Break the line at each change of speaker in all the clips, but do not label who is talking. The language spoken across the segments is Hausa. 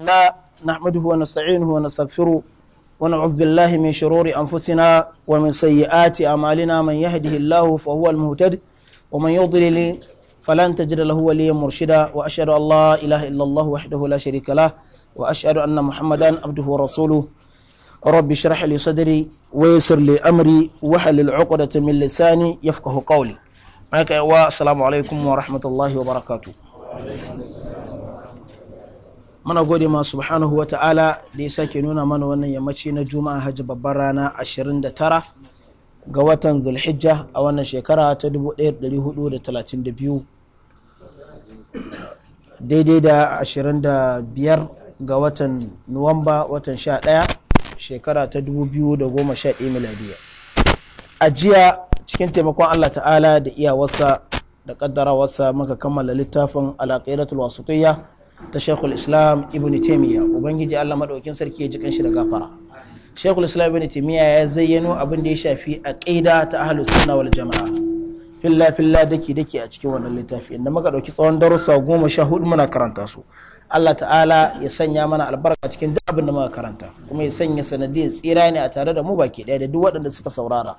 لا نحمده ونستعينه ونستغفره ونعوذ بالله من شرور أنفسنا ومن سيئات أعمالنا من يهده الله فهو المهتد ومن يضلل فلن تجد له وليا مرشدا وأشهد أن لا إله إلا الله وحده لا شريك له وأشهد أن محمدا عبده ورسوله رب اشرح لي صدري ويسر لي أمري وحلل عقدة من لساني يفقه قولي السلام عليكم ورحمة الله وبركاته Mana gode ma subhanahu wa ta'ala da ya sake nuna mana wannan yammaci na juma'a hajji babbar rana 29 ga watan zulhijja a wannan shekara ta 1432 daidai da 25 ga watan nuwamba watan 11 shekara ta 2011 miladiya a jiya cikin taimakon allah ta'ala da iyawarsa da wasa muka kammala littafin alaƙiratul wasu ta shekul islam ibn taimiyya ubangiji allah maɗaukin sarki ya ji kanshi da gafara shekul islam ibn taimiyya ya zayyano abin da ya shafi a ƙaida ta ahalu sunna wal jama'a filla filla daki daki a cikin wannan littafi inda muka ɗauki tsawon darussa goma sha hudu muna karanta su allah ta'ala ya sanya mana albarka cikin duk abin da muka karanta kuma ya sanya sanadiyar tsira ne a tare da mu baki ɗaya da duk waɗanda suka saurara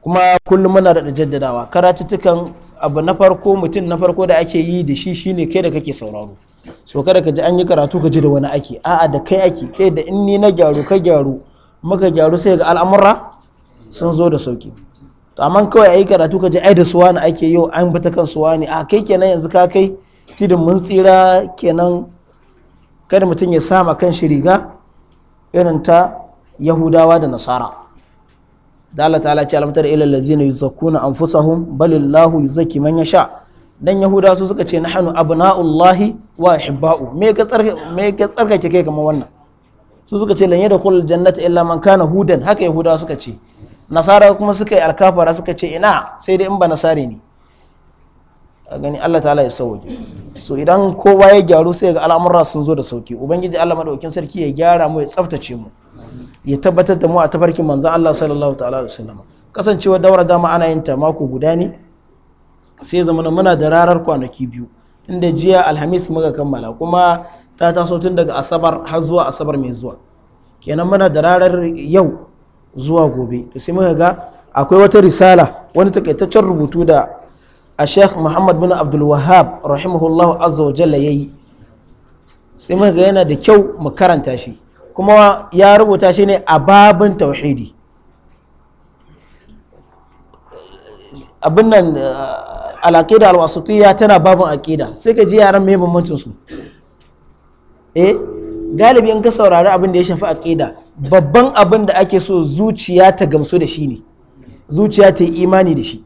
kuma kullum muna da jaddadawa karatuttukan abu na farko mutum na farko da ake yi da shi shine kai da kake sauraro so kada ka ji an yi karatu ka ji da wani ake a'a da kai ake kai da in ni na gyaru ka gyaru maka gyaru sai ga al'amura sun zo da sauki to amma kawai ayi karatu ka ji ai da suwa ake yau an bata kan suwa ne a kai kenan yanzu ka kai tidin mun tsira kenan kada mutum ya sama kan shi riga irin ta yahudawa da nasara da Allah ta'ala ce alamtar ilal ladzina yuzakkuna anfusahum balillahu yuzakki man yasha dan yahuda su suka ce nahnu abna'ullahi wa hibba'u me ka tsarka me ka tsarkake kai kamar wannan su suka ce lan yadkhul jannata illa man kana hudan haka yahuda suka ce nasara kuma suka yi alkafara suka ce ina sai dai in ba nasare ne a gani Allah ta'ala ya sauke so idan kowa ya gyaru sai ga al'amura sun zo da sauki ubangiji Allah madaukin sarki ya gyara mu ya tsaftace mu ya tabbatar da mu a tafarkin manzan Allah sallallahu ta'ala da sallama kasancewa daura dama ana yin ta mako guda ne sai zamana muna da rarar kwanaki biyu inda jiya alhamis muka kammala kuma ta taso tun daga asabar har zuwa asabar mai zuwa kenan muna da rarar yau zuwa gobe to sai muka ga akwai wata risala wani takaitaccen rubutu da a sheikh muhammad bin abdul wahab rahimahullahu azza wa jalla yayi sai muka ga yana da kyau mu karanta shi kuma ya rubuta shi ne a babin tauhidi abin nan eh, al'aqida al tana babin aqida sai ka ji yaran mai bambancin su eh galibi in ka saurari abin da ya shafi aqida babban abin da ake so zuciya ta gamsu da shi ne zuciya ta yi imani da shi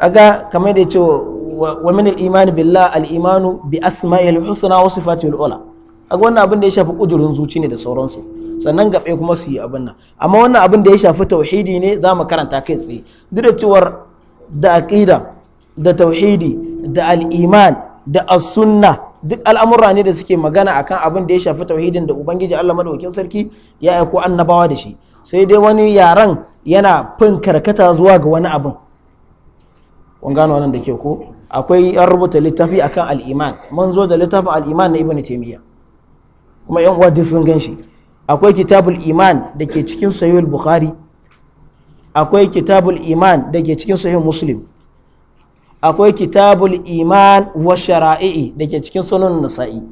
aga kamar da ya ce wa min al billah al-imanu bi asma'il husna wa sifatil ula a wannan abin da ya shafi ƙudurin zuci ne da sauransu sannan gaɓe kuma su yi abin nan amma wannan abin da ya shafi tauhidi ne za mu karanta kai tsaye duk da cewar da aqida da tauhidi da al'iman da as-sunna duk al'amura ne da suke magana akan abin da ya shafi tauhidin da ubangiji Allah madaukakin sarki ya aiko annabawa da shi sai dai wani yaran yana fin karkata zuwa ga wani abin kun gano wannan da ke ko akwai an rubuta littafi akan al'iman mun zo da littafin al'iman na ibnu taymiyyah kuma yan uwa duk sun gan shi akwai kitabul iman da ke cikin sayul bukhari akwai kitabul iman da ke cikin sayul muslim akwai kitabul iman wa shara'i'i da ke cikin sunan nasa'i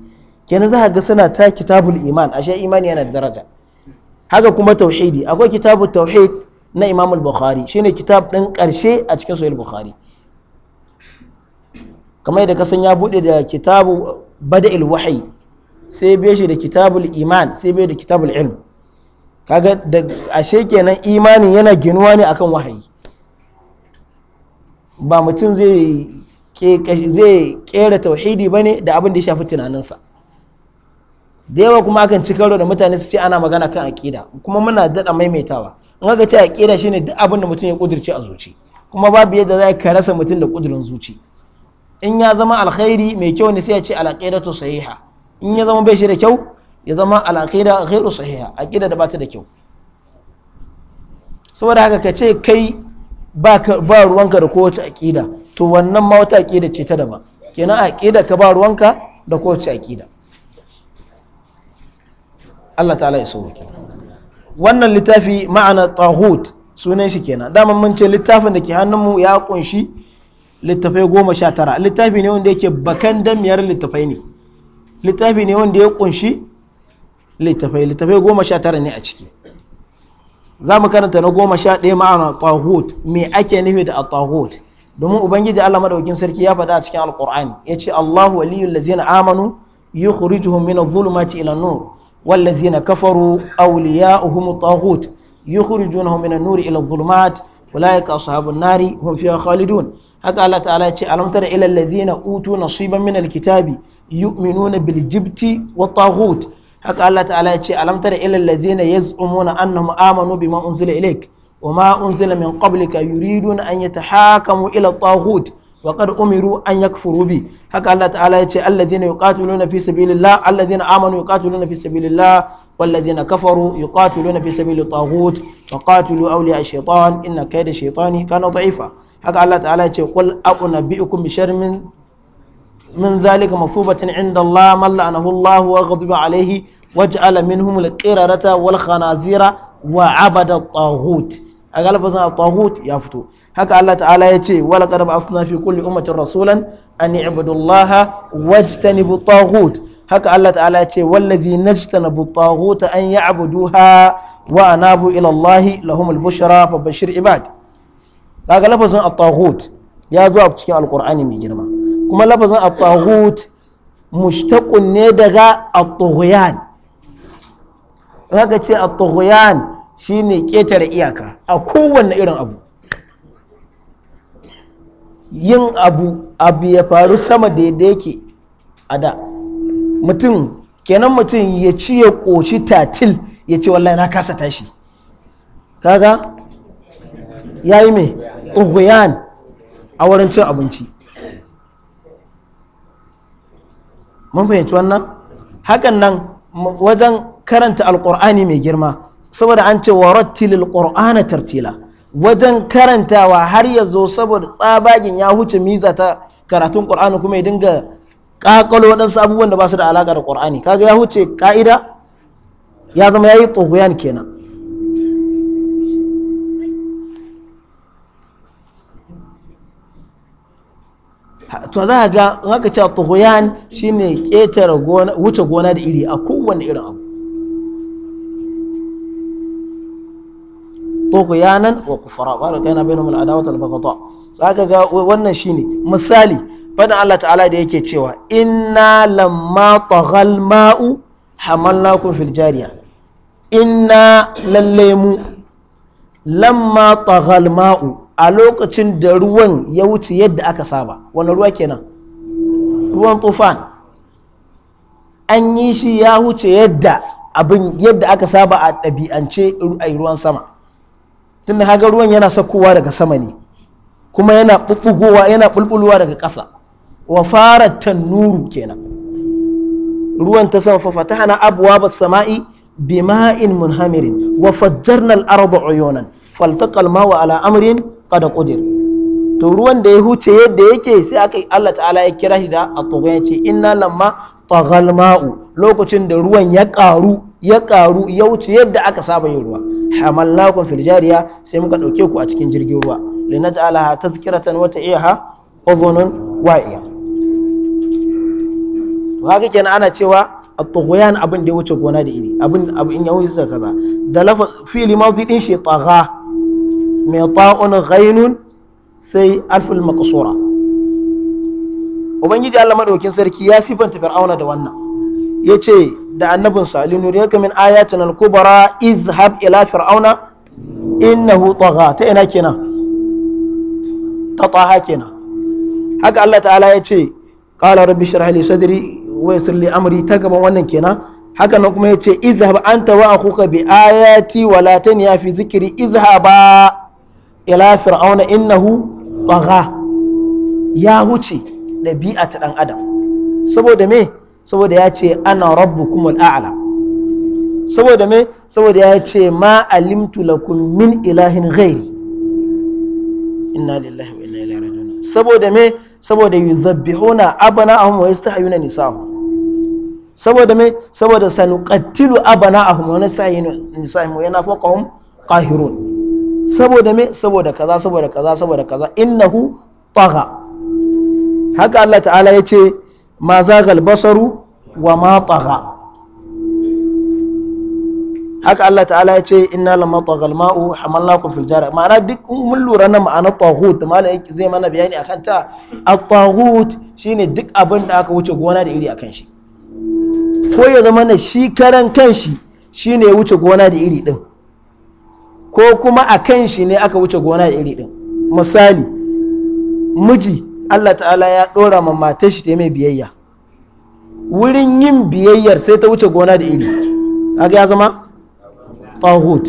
kenan za ga suna ta kitabul iman ashe imani yana da daraja haka kuma tauhidi akwai kitabu tauhid na imam al-bukhari shine kitab din karshe a cikin sayul bukhari kamar yadda kasan ya bude da kitabu bada'il wahyi sai bai shi da kitabul iman sai bai da kitabul ilm kaga da ashe kenan imanin yana ginuwa ne akan wahayi ba mutum zai zai kera tauhidi ne da abin da ya shafi tunaninsa da yawa kuma akan ci karo da mutane su ce ana magana kan aƙida kuma muna daɗa maimaitawa in aka ce aƙida shine duk abin da mutum ya kudirce a zuci kuma babu yadda za ka rasa mutum da kudirin zuci in ya zama alkhairi mai kyau ne sai ya ce alaƙidatu sahiha in ya zama bai shi da kyau ya zama a ghairu sahiha ƙida da bata da kyau saboda haka ka ce kai ba ruwanka da kowace aƙida to wannan ma wata aƙida ce ta daban kenan ƙida ka ba ruwanka da kowace aƙida Allah ta'ala ya sauke wannan littafi ma'ana tahut sunan shi kenan dama mun ce littafin da ke hannunmu ya kunshi littafai goma sha tara littafi ne wanda yake bakan damiyar littafai ne littafi ne wanda ya kunshi littafai littafai goma sha tara ne a ciki za mu karanta na goma sha ɗaya ma'ana tahut me ake nufi da tahut domin ubangiji Allah maɗaukin sarki ya faɗa a cikin ya ce Allahu waliyun ladzina amanu yukhrijuhum min adh-dhulumati ila nur wal ladzina kafaru awliya'uhum at-taghut yukhrijunahum na an-nur ila adh-dhulumat ulaika ashabun nari hum fiha khalidun haka Allah ta'ala yace alam tara ila alladhina utu nasiban min al-kitabi يؤمنون بالجبت والطاغوت حكى الله تعالى يتشي ألم تر إلا الذين يزعمون أنهم آمنوا بما أنزل إليك وما أنزل من قبلك يريدون أن يتحاكموا إلى الطاغوت وقد أمروا أن يكفروا به حكى الله تعالى يتشي الذين يقاتلون في سبيل الله الذين آمنوا يقاتلون في سبيل الله والذين كفروا يقاتلون في سبيل الطاغوت وقاتلوا أولياء الشيطان إن كيد الشيطان كان ضعيفا حكى الله تعالى يتشي قل أؤنبئكم بشر من من ذلك مصوبة عند الله من لعنه الله وغضب عليه وجعل منهم القرارة والخنازير وعبد الطاغوت أقال فزنا الطاغوت يفتو هكا الله تعالى يتي ولقد بعثنا في كل أمة رسولا أن يعبدوا الله واجتنبوا الطاغوت هكا الله تعالى يتي والذي نجتنبوا الطاغوت أن يعبدوها وأنابوا إلى الله لهم البشرى فبشر عباد أقال فزنا الطاغوت يا ذو أبتكي القرآن من جرمان kuma lafazin at-taghut mushtaqun ne daga at-tughyan kaga ce at-tughyan shine ƙetare iyaka a kowanne irin abu yin abu abu ya faru sama da yadda yake a da mutum kenan mutum ya ci ya ƙoshi tatil ya ce wallahi na kasa tashi kaga ya yi mai tsohuyan a wurin cin abinci mun fahimci wannan hakan nan wajen karanta alkur'ani mai girma saboda an ce warattil qur'ana tartila wajen karantawa har ya zo saboda tsabagen ya huce miza ta karatun qur'ani kuma ya dinga kakalo waɗansu abubuwan da ba su da alaƙa da qur'ani kaga ya huce ka'ida ya zama ya yi kenan to za ga haka cewa tuhuyan shine ketare gona wuce gona da iri a kowane irin abu tuhuyanan wa kufara ba la kaina bainahum al wata wal za zaka ga wannan shine misali fadin Allah ta'ala da yake cewa inna lamma tagal ma'u hamalnakum kun filjariya inna lalle mu lamma tagal ma'u a lokacin da ruwan ya wuce yadda aka saba wani ruwa kenan ruwan tufan an yi shi ya wuce yadda abin yadda aka saba a ɗabi'ance a ruwan sama tun haga ruwan yana sakowa daga sama ne kuma yana ɓuɓɓugowa yana ɓulɓulwa daga ƙasa wa fara tannuru kenan ruwan ta sama fa abuwa ba samai bima'in munhamirin wa fajjarna al-arda uyunan ala amrin kada kudir to ruwan da ya huce yadda yake sai aka Allah ta'ala ya kira shi da at yace inna lamma taghal ma'u lokacin da ruwan ya karu ya karu ya huce yadda aka saba yin ruwa hamallakum fil jariya sai muka dauke ku a cikin jirgin ruwa ta'ala tazkiratan wa ta'iha udhunun wa'iya haka kenan ana cewa at abin da ya wuce gona da iri abin abin ya wuce kaza da lafaz fi'li madhi din shi tagha ta'un ghainun sai alful maqsura ubangiji Allah madaukin sarki ya sifanta fir'auna da wannan yace da annabin sa yake min ayatin al-kubra izhab ila fir'auna innahu tagha ta ina kenan ta taha kenan haka Allah ta'ala yace qala rabbi shrah li sadri wa yassir li amri ta gaban wannan kenan haka nan kuma yace izhab anta wa akhuka bi ayati wa la tanya fi dhikri izhaba ila fir'auna innahu tagha ya huce da ta ɗan adam saboda me saboda ya ce ana rabbukum al'a'la saboda me saboda ya ce ma alimtu lakum min ilahin ghairi inna lillahi wa inna ilaihi raji'un saboda me saboda yuzabbihuna abana'ahum wa yastahiyuna nisa'ahum saboda me saboda sanuqattilu abana'ahum wa nastahiyuna nisa'ahum wa yana fawqahum qahirun saboda me saboda kaza saboda kaza saboda kaza innahu tagha haka Allah ta'ala ya ce ma zagal basaru wa ma tagha haka Allah ta'ala ya ce inna lamma taghal ma'u hamalnakum fil jara ma'ana duk mun lura na ma'ana taghut malam yake zai mana bayani akan ta at-taghut shine duk abin da aka wuce gona da iri akan shi ko ya zama na shi karan kanshi shine ya wuce gona da iri din ko kuma a kan shi ne aka wuce gona da iri din misali miji Allah ta'ala ya ɗora ma matar shi ta mai biyayya wurin yin biyayyar sai ta wuce gona da iri kaga ya zama tahut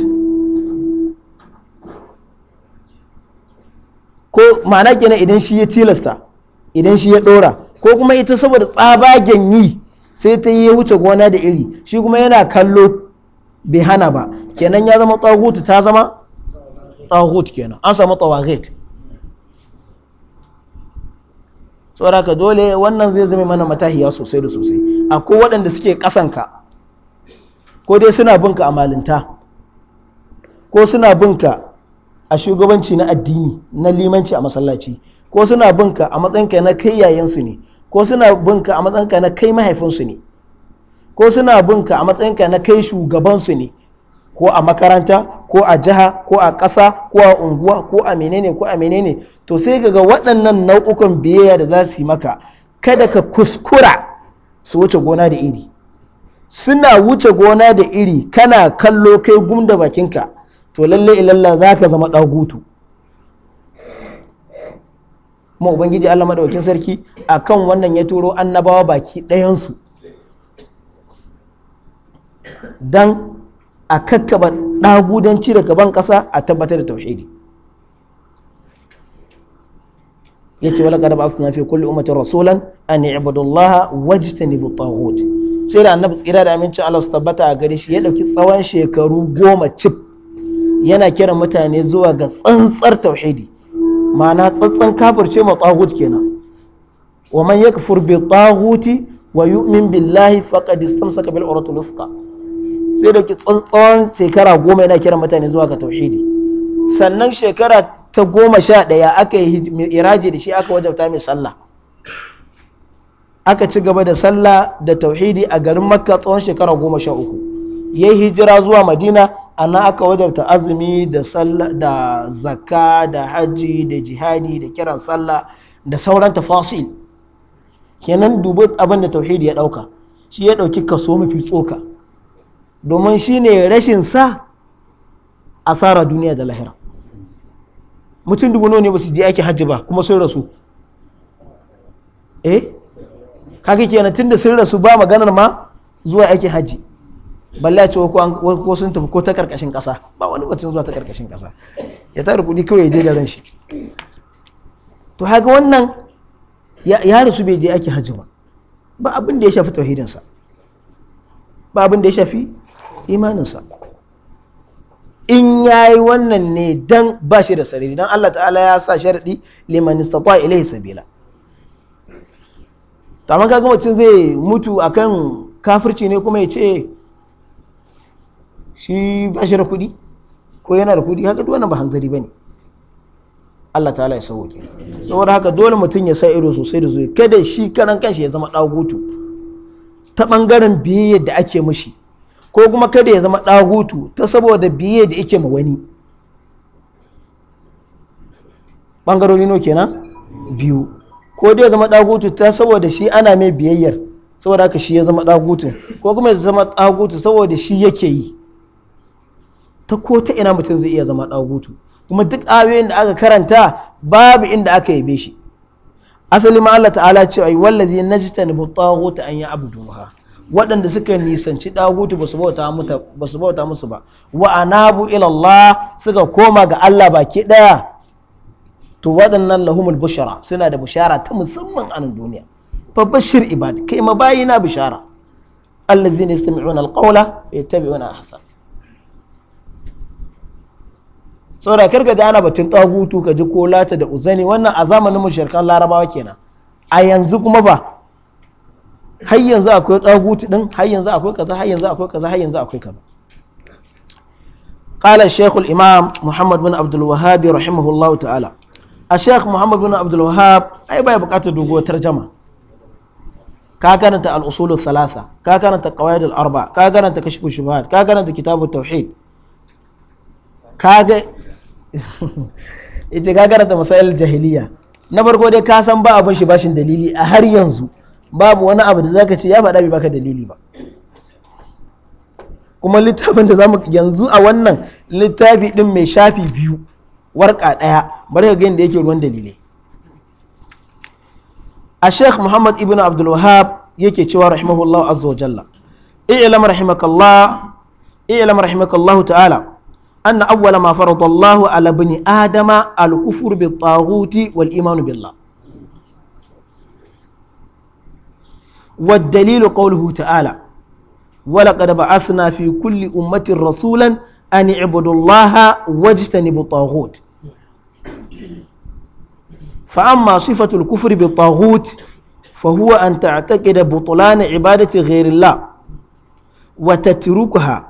ko ma'ana kenan idan shi ya tilasta idan shi ya ɗora ko kuma ita saboda tsabagen yi sai ta yi wuce gona da iri shi kuma yana kallo bai hana ba kenan ya zama tawhut ta zama tawhut kenan an samu tawagit tsoraka dole wannan zai zama mana matahiya sosai da sosai akwai waɗanda suke ƙasanka ko dai suna binka a malinta ko suna binka a shugabanci na addini na limanci a masallaci ko suna binka a matsayinka na kai yayansu ne ko suna binka a matsayinka na kai mahaifinsu ne ko suna bin ka a matsayinka na kai shugabansu ne ko a makaranta ko a jiha ko a ƙasa ko a unguwa ko a menene ko a menene to sai ka ga waɗannan nau'ukan biyayya da za su yi maka kada ka kuskura su wuce gona da iri suna wuce gona da iri kana kallo kai gum da bakinka to lalle ilalla za ka zama ɗagutu kuma ubangiji allah maɗaukin sarki akan wannan ya turo annabawa baki ɗayansu don a kakkaba ɗagudanci da gaban ƙasa a tabbatar da tauhidi ya ce walaka da ba su fi kulli umatin rasulan an ibadullaha wajtanibu taghut sai da annabi tsira da amincin Allah su tabbata a gari shi ya ɗauki tsawon shekaru goma cif yana kiran mutane zuwa ga tsantsar tauhidi ma'ana tsantsan kafirce ma taghut kenan wa man yakfur bi taghuti wa yu'min billahi faqad istamsaka bil urwatil wuthqa sai da tsawon shekara goma yana kiran mutane zuwa ga tauhidi sannan shekara ta goma sha ɗaya aka yi iraji da shi aka wajabta mai sallah aka ci gaba da sallah da tauhidi a garin makka tsawon shekara goma sha uku ya hijira zuwa madina ana aka wajabta azumi da Sallah da zakka da hajji da jihadi da kiran sallah da sauran tafasil kenan dubu abin da tauhidi ya ɗauka shi ya ɗauki kaso mafi tsoka domin shine rashin sa asara duniya da lahira mutum dubu ne ba su je ake hajji ba kuma sun rasu eh kaga kenan tunda sun rasu ba maganar ma zuwa ake hajji balla ce ko sun tafi ko ta karkashin kasa ba wani batun zuwa ta karkashin kasa ya tara kuɗi kawai ya je da ran shi to haka wannan ya rasu bai je ake hajji ba ba abin da ya shafi tauhidinsa ba abin da ya shafi imaninsa in ya yi wannan ne dan ba shi da sarari dan Allah ta'ala ya sa sharaɗi liman istata ilaihi sabila to amma kaga mutum zai mutu akan kafirci ne kuma ya ce shi ba shi da kuɗi ko yana da kuɗi haka wannan ba hanzari ba ne Allah ta'ala ya sauke saboda haka dole mutum ya sa ido sosai da zuwa kada shi karan kanshi ya zama ɗagutu ta ɓangaren biyayya da ake mushi. ko kuma kada ya zama ɗagutu ta saboda biye da yake ma wani ɓangarori no kenan biyu ko dai ya zama ɗagutu ta saboda shi ana mai biyayyar saboda haka shi ya zama ɗagutu ko kuma ya zama ɗagutu saboda shi yake yi ta ko ta ina mutum zai iya zama ɗagutu kuma duk ayoyin da aka karanta babu inda aka yabe shi asali ma Allah ta'ala ce ai wallazi najtanibu taghuta an ha. waɗanda suka nisanci ɗagutu ba su bauta musu ba wa anabu ilallah suka koma ga Allah baki ɗaya to waɗannan lahumul bushara suna da bushara ta musamman a duniya bashir ibad kai ma bayina bushara allazina yastami'una alqawla yattabi'una ahsan saboda karka da ana batun ɗagutu ka ji ko lata da uzani wannan a zamanin mushrikan larabawa kenan a yanzu kuma ba har yanzu akwai tsaguti din har yanzu akwai kaza har yanzu akwai kaza har yanzu akwai kaza قال الشيخ الإمام محمد بن عبد الوهاب رحمه الله تعالى الشيخ محمد بن عبد الوهاب أي باي بقات دوغو ترجمة كاكانت الأصول الثلاثة كاكانت القواعد الأربع كاكانت كشف الشبهات كاكانت كتاب التوحيد كاك ita ka karanta masayar jahiliya na farko dai ka san ba abin shi bashin dalili a har yanzu babu wani abu da zaka ce ya faɗa bai baka dalili ba kuma littafin da zamu yanzu a wannan littafi din mai shafi biyu warka ɗaya bari ka gani da yake ruwan dalilai a sheikh muhammad ibn abdul wahab yake cewa rahimahullah azza wa jalla i'lam rahimakallah i'lam rahimakallah ta'ala anna awwala ma farada Allah ala bani adama al-kufr bi taghuti wal iman billah والدليل قوله تعالى ولقد بعثنا في كل أمة رسولا أن اعبدوا الله واجتنبوا الطاغوت فأما صفة الكفر بالطاغوت فهو أن تعتقد بطلان عبادة غير الله وتتركها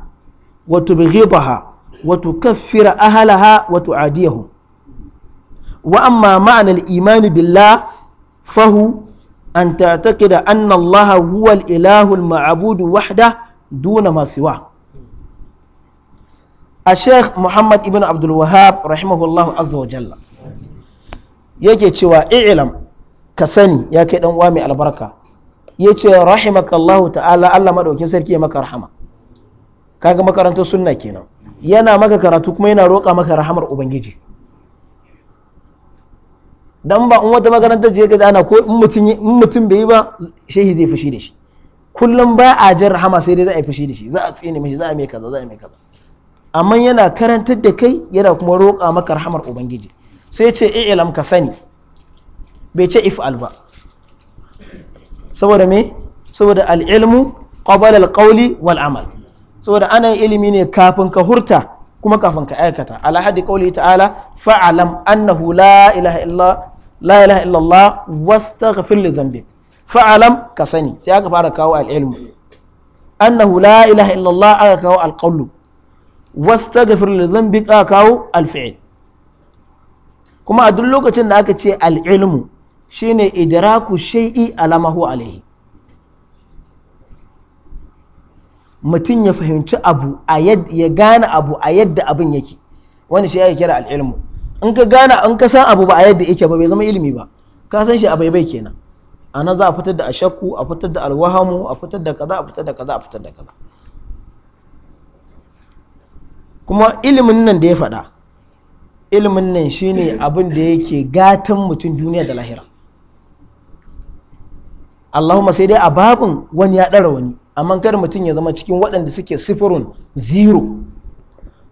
وتبغضها وتكفر أهلها وتعاديهم وأما معنى الإيمان بالله فهو an ta'taqida anna Allah huwa al wahda duna masiwa. A shek Muhammad ibn Abdulwahab rahimahullahu رحمه yake cewa i'lam ka sani ya kai dan uwa mai albarka yace rahimakallahu ta'ala Allah madaukin sarki ya maka rahama kaga makarantar sunna kenan yana maka karatu kuma yana roƙa maka rahamar ubangiji dan ba in wata makarantar je ka ana ko in mutum in mutum bai yi ba shehi zai fushi da shi kullum ba a jin rahama sai dai za a da shi za a tsine mishi za a mai kaza za a mai kaza amma yana karantar da kai yana kuma roƙa maka rahamar ubangiji sai ce i'lam ka sani bai ce if'al ba saboda me saboda al-ilmu qabala al-qawli wal amal saboda ana ilimi ne kafin ka hurta kuma kafin ka aikata ala hadi qawli ta'ala fa'alam annahu la ilaha illa la ilaha illallah wastaghfir li dhanbik fa'alam ka sani sai aka fara kawo al-ilmu annahu la illallah aka kawo al-qawlu wastaghfir li dhanbik aka kawo al kuma a duk lokacin da aka ce al'ilmu ilmu shine idraku shay'i alamahu huwa alaihi mutum ya fahimci abu ya gane abu a yadda abin yake wani shi ya kira al'ilmu in ka gane an ka san abu ba a yadda yake ba bai zama ilimi ba ka san shi a bai kenan a nan za a fitar da ashakku a fitar da alwahamu a fitar da kaza a fitar da kaza a fitar da kaza kuma ilimin nan da ya faɗa ilimin nan shine abin da yake gatan mutum duniya da lahira Allahumma sai dai a babin wani ya ɗara wani amma kar mutum ya zama cikin waɗanda suke sifirun zero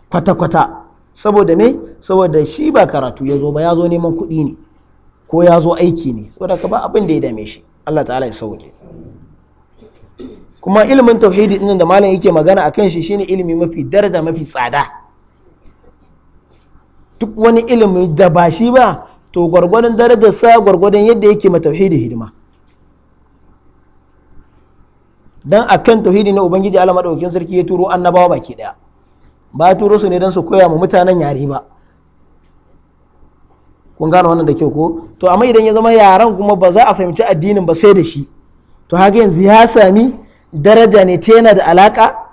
kwata-kwata saboda me saboda shi ba karatu ya zo ba ya zo neman kuɗi ne ko ya zo aiki ne saboda ka ba abin da ya dame shi Allah ta'ala ya sauke kuma ilimin tauhidi din da malam yake magana akan shi shine ilimi mafi daraja mafi tsada duk wani ilimi da ba shi ba to gwargwadon darajar sa gwargwadon yadda yake ma tauhidi hidima dan akan tauhidi na ubangiji Allah madaukakin sarki ya turo annabawa baki daya ba turo su ne don su koya ma mutanen yare ba kun gane wannan da kyau ko to amma idan ya zama yaren kuma ba za a fahimci addinin ba sai da shi to haka yanzu ya sami daraja ne ta yana da alaka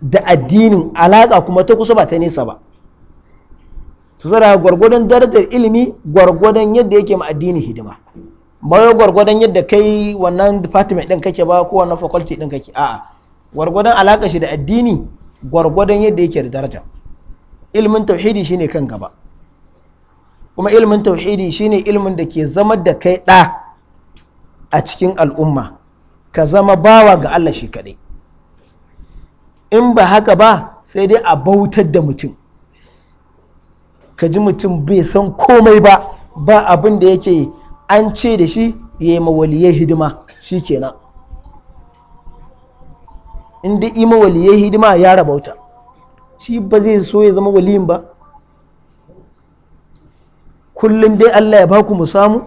da addinin alaka kuma ta kusa ba ta nesa ba su tsara gwargwadon darajar ilimi gwargwadon yadda yake ma addini hidima ba gwargwadon yadda kai wannan department din kake ba ko wannan faculty din kake a'a gwargwadon alaka shi da addini gwargwadon yadda yake da daraja ilmin tauhidi shine kan gaba kuma ilmin tauhidi shine ilmin da ke zama da kai ɗa a cikin al'umma ka zama bawa ga Allah shi kaɗai in ba haka ba sai dai a bautar da mutum ka ji mutum bai san komai ba ba abin da yake an ce da shi ya yi mawaliyai hidima shi kenan in da ima waliyai hidima ya rabauta shi ba zai so ya zama waliyin ba kullum dai Allah ya baku mu samu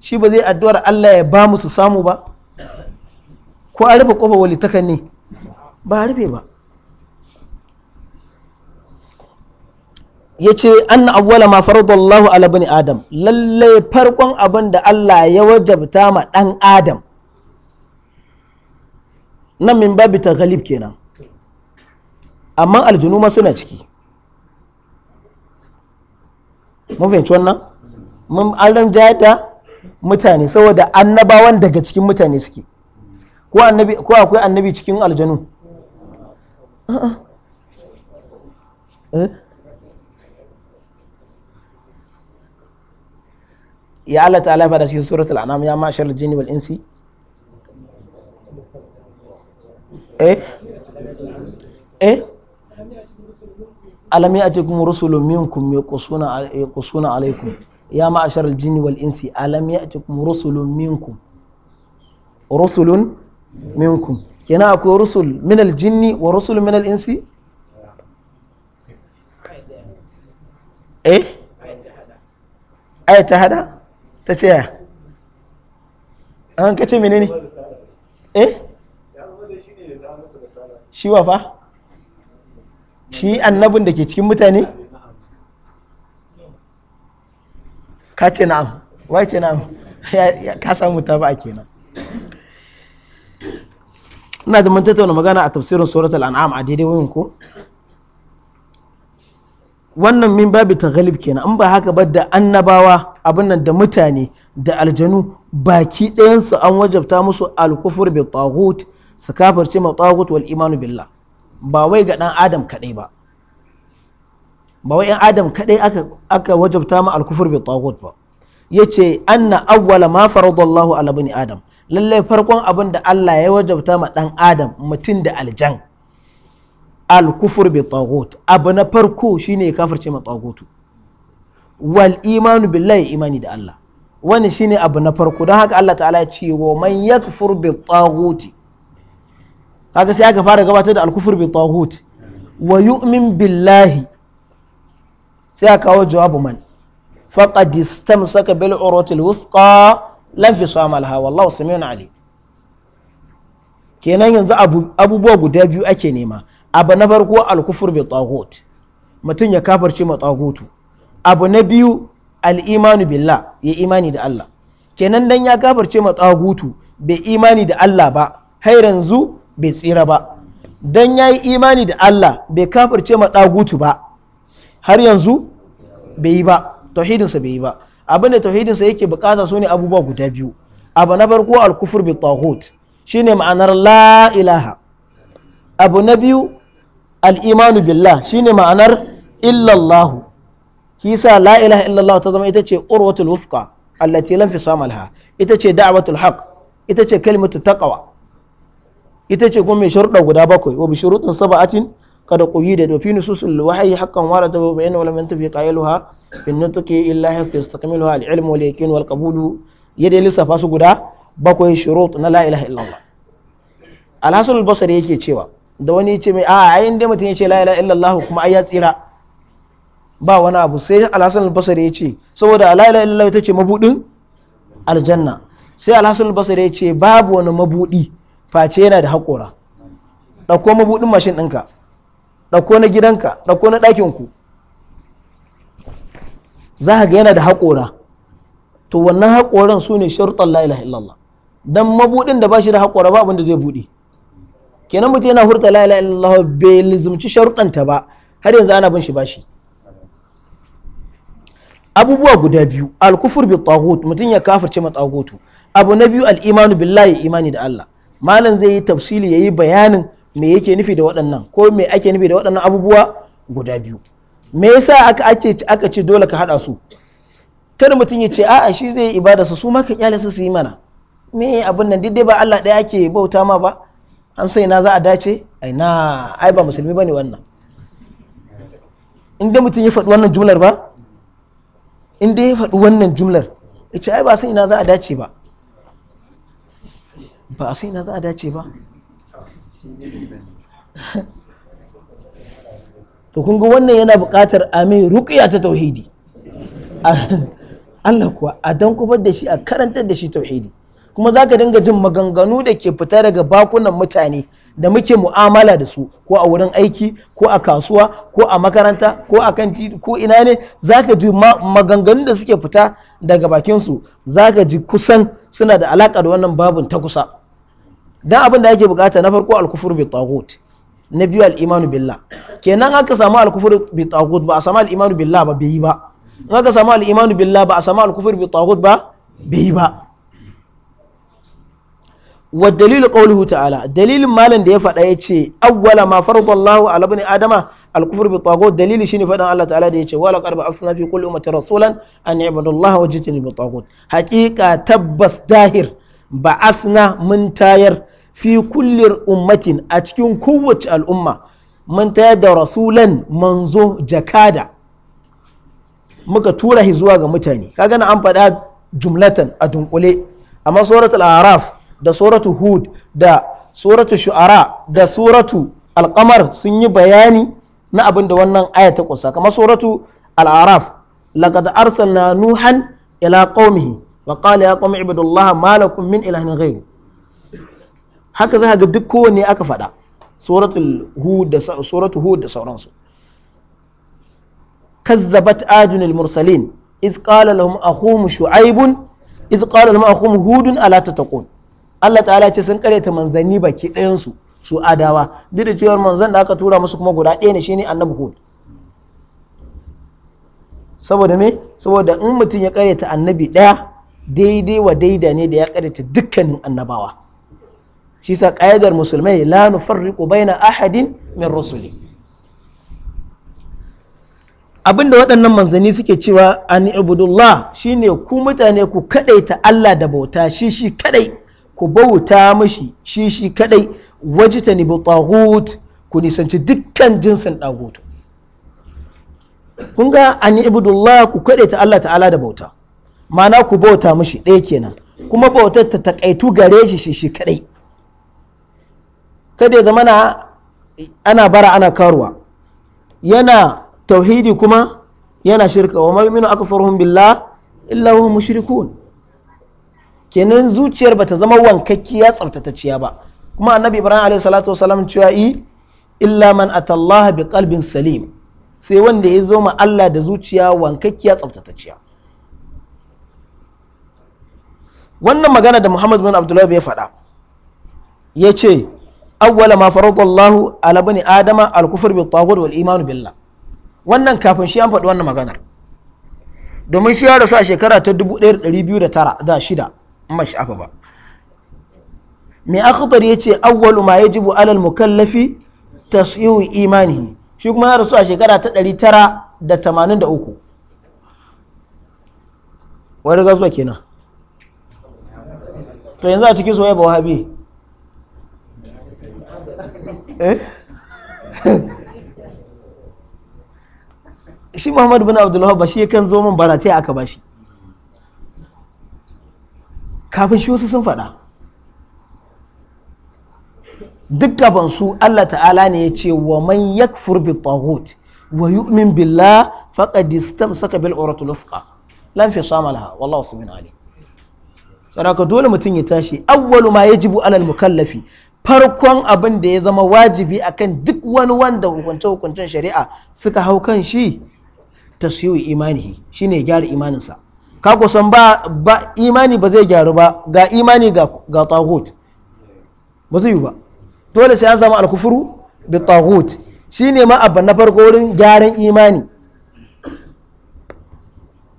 shi ba zai addu'ar Allah ya ba mu su samu ba ko a rufe kofa walitakan ne ba a rufe ba ya ce an awwala ma faradallahu ala bani adam lallai farkon abin da Allah ya wajabta ma dan adam nan min babi ta galib kenan amma aljanu ma suna ciki mun fahimci wannan mun an ramja da mutane saboda annabawan daga cikin mutane suke ko annabi ko akwai annabi cikin aljanu eh? ya Allah ta'ala da cikin suratul an'am ya ma'shar al wal insi eh eh alam ya'tikum rusulun minkum yaqusuna yaqusuna alaykum ya ma'ashar al-jinni wal insi alam ya'tikum rusulun minkum rusulun minkum kenan akwai rusul min al-jinni wa rusul min al-insi eh ayat ta hada ta ce an kace menene eh shi wa fa shi annabin da ke cikin mutane ka ce na'am wai ce na'am ka samu ta ba kenan ina da mantata wani magana a tafsirin surat al'an'am a daidai wurin ko wannan min babu galib kenan in ba haka ba da annabawa abin nan da mutane da aljanu baki ɗayansu an wajabta musu alkufur bi taghut su kafirce ma tagut wal imanu billah ba wai ga dan adam kadai ba ba wai yan adam kadai aka aka wajabta ma al-kufr bi tagut ba yace anna awwala ma faradallahu ala bani adam lallai farkon abin da Allah ya wajabta ma dan adam mutum da aljan al-kufr bi tagut abu na farko shine kafirce ma wal imanu billahi imani da Allah wani shine abu na farko don haka Allah ta'ala ya ce wa man yakfur bi taguti kaga sai aka fara gabatar da alkufur bi tawhut wa yu'min billahi sai aka kawo jawabu man faqad istamsaka bil al wuthqa lam fisama laha wallahu samiun Ali. kenan yanzu abubuwa guda biyu ake nema abu na farko alkufur bi tawhut mutum ya kafarce ma tawhutu abu na biyu al'imanu billah ya imani da Allah kenan dan ya kafarce ma tawhutu bai imani da Allah ba har yanzu bai tsira ba dan ya yi imani da Allah bai kafirce ma ɗagutu ba har yanzu bai yi ba tauhidinsa bai yi ba abin da tauhidinsa yake bukata su ne abubuwa guda biyu abu na farko alkufur kufur bi shi shine ma'anar la ilaha abu na biyu al-imanu billah shine ma'anar illallah kisa la ilaha illallah ta zama ita ce urwatul wufqa allati lam fi samalha ita ce da'watul haq ita ce kalimatu taqwa ita ce kuma mai sharuɗa guda bakwai wa bi shuruɗin cin kada koyi da dofi nususul wahayi hakan wala ta bayan wala man tafi qailuha bin nutqi illa hafi istakmiluha al ilmu wal yaqin wal qabulu yadda lissafa su guda bakwai shurut na la ilaha illallah al hasan basri yake cewa da wani ya ce mai a ayin dai mutum ya ce la ilaha illallah kuma ai ya tsira ba wani abu sai al hasan ya ce saboda la ilaha illallah ita ce mabudin aljanna sai al hasan ya ce babu wani mabudi face yana da haƙora ɗauko mabuɗin mashin ɗinka ɗauko na gidanka ɗauko na ɗakinku za ka ga yana da haƙora to wannan haƙoran su ne sharuɗan la ilaha illallah dan mabuɗin da ba shi da haƙora ba abin da zai buɗe kenan mutum yana hurta la ilaha illallah bai lizumci ta ba har yanzu ana bin shi bashi abubuwa guda biyu alkufur bi tagut mutum ya kafirce ma taghutu abu na biyu al-imanu billahi imani da Allah malam zai yi tafsili ya yi bayanin me yake nufi da waɗannan ko me ake nufi da waɗannan abubuwa guda biyu me yasa aka ake aka ce dole ka haɗa su kada mutum ya ce a'a shi zai yi ibada su su ka kyale su su yi mana me abin nan dai ba Allah ɗaya ake bauta ma ba an sai na za a dace ai na ai ba musulmi bane wannan inda mutum ya faɗi wannan jumlar ba inda ya faɗi wannan jumlar ya ce ai ba sai ina za a dace ba ba a sai na za a dace ba to kun ga wannan yana buƙatar a mai ta tauhidi Allah kuwa a dan kufar da shi a karantar da shi tauhidi kuma za ka dinga jin maganganu da ke fita daga bakunan mutane da muke mu'amala da su ko a wurin aiki ko a kasuwa ko a makaranta ko a kan titi ko ina ne za ka ji maganganu da suke fita daga bakinsu za ka ji kusan suna da alaƙa da wannan babun ta kusa dan abin da ake bukata na farko alkufur bi tagut na biyu al'imanu biLla. billah kenan aka samu alkufur bi tagut ba a samu al'imanu biLla billah ba bai ba in aka samu al'imanu biLla billah ba a samu alkufur bi tagut ba bai ba wa dalilu qawluhu ta'ala dalilin malam da ya faɗa yace awwala ma faradallahu ala ibn adama al-kufr bi tagut dalili shine fadan Allah ta'ala da yace wala qarba asna fi kulli ummatin rasulan an ya'budu Allah wa jitani bi tagut haqiqa tabbas dahir ba asna mun tayar fi kulli ummatin a cikin kowace al'umma mun tayar da rasulan manzo jakada muka tura shi zuwa ga mutane kaga na an faɗa jumlatan a dunkule amma suratul araf da suratul hud da suratul shu'ara da suratul alkamar sun yi bayani na abin da wannan aya ta kusa kamar suratu al-araf laqad arsalna nuhan ila qaumihi wa qala ya qaumi ibudullaha ma lakum min ilahin ghayru haka za ga duk kowanne aka faɗa suratu hud da hud da sauransu kazzabat adun al-mursalin إذ قال لهم أخوهم شعيب إذ قال لهم أخوهم هود ألا تتقون Allah ta'ala ce sun karyata manzanni baki ɗayansu su adawa duk da cewar manzan da aka tura musu kuma guda ɗaya ne shine annabi hud saboda me saboda in mutum ya karyata annabi ɗaya daidai wa daida ne da ya karyata dukkanin annabawa shi sa ƙayyadar musulmai la nufarriqu baina ahadin min rusuli abinda waɗannan manzanni suke cewa an ibudullah shine ku mutane ku kadaita Allah da bauta shi shi kadai ku bauta mishi shi shi kadai wajita ni taghut ku nisanci dukkan jinsin ɗagutu kun ga an ibudullah ku ta Allah ta'ala da bauta ma'ana ku bauta mashi ɗaya kenan kuma bautar ta takaitu gare shi shi shi kadai kada ya zama ana bara ana karuwa yana tauhidi kuma yana shirka wa aka farhun billah illa wa mushrikun kenan zuciyar bata zama wankakkiya tsaftatacciya ba kuma annabi ibrahim alaihi salatu wasalam cewa i illa man atallaha bi kalbin salim sai wanda ya zo ma Allah da zuciya wankakkiya tsaftatacciya wannan magana da Muhammad bin Abdullahi bai faɗa ya ce awwala ma farada Allah ala bani adama al-kufr bi taghut wal iman billah wannan kafin shi an faɗi wannan magana domin shi ya rasu a shekara ta 1209 da shida in ba shi ba mai akhtar ya ce awwalu ma yajibu alal mukallafi tasyiu imanihi shi kuma ya rasu a shekara ta 983 wani gazuwa kenan to yanzu a cikin soyayya ba wahabi eh? shi muhammadu bin abdullahi ba shi kan zo min baratai aka ba shi kafin shi wasu sun faɗa duk gaban su Allah ta'ala ne ya ce wa man yakfur bi taghut wa yu'min billah faqad istamsaka bil uratul lufqa lan fi samalaha wallahu subhanahu alim saboda dole mutum ya tashi awwalu ma yajibu alal mukallafi farkon abin da ya zama wajibi akan duk wani wanda hukunce hukuncen shari'a suka hau kan shi tasyiyu imanihi shine gyara imaninsa ka kusan ba ba imani ba zai gyaru ba ga imani ga ga ba zai yi ba dole sai an samu alkufuru bi taghut shine ma abban na farko wurin gyaran imani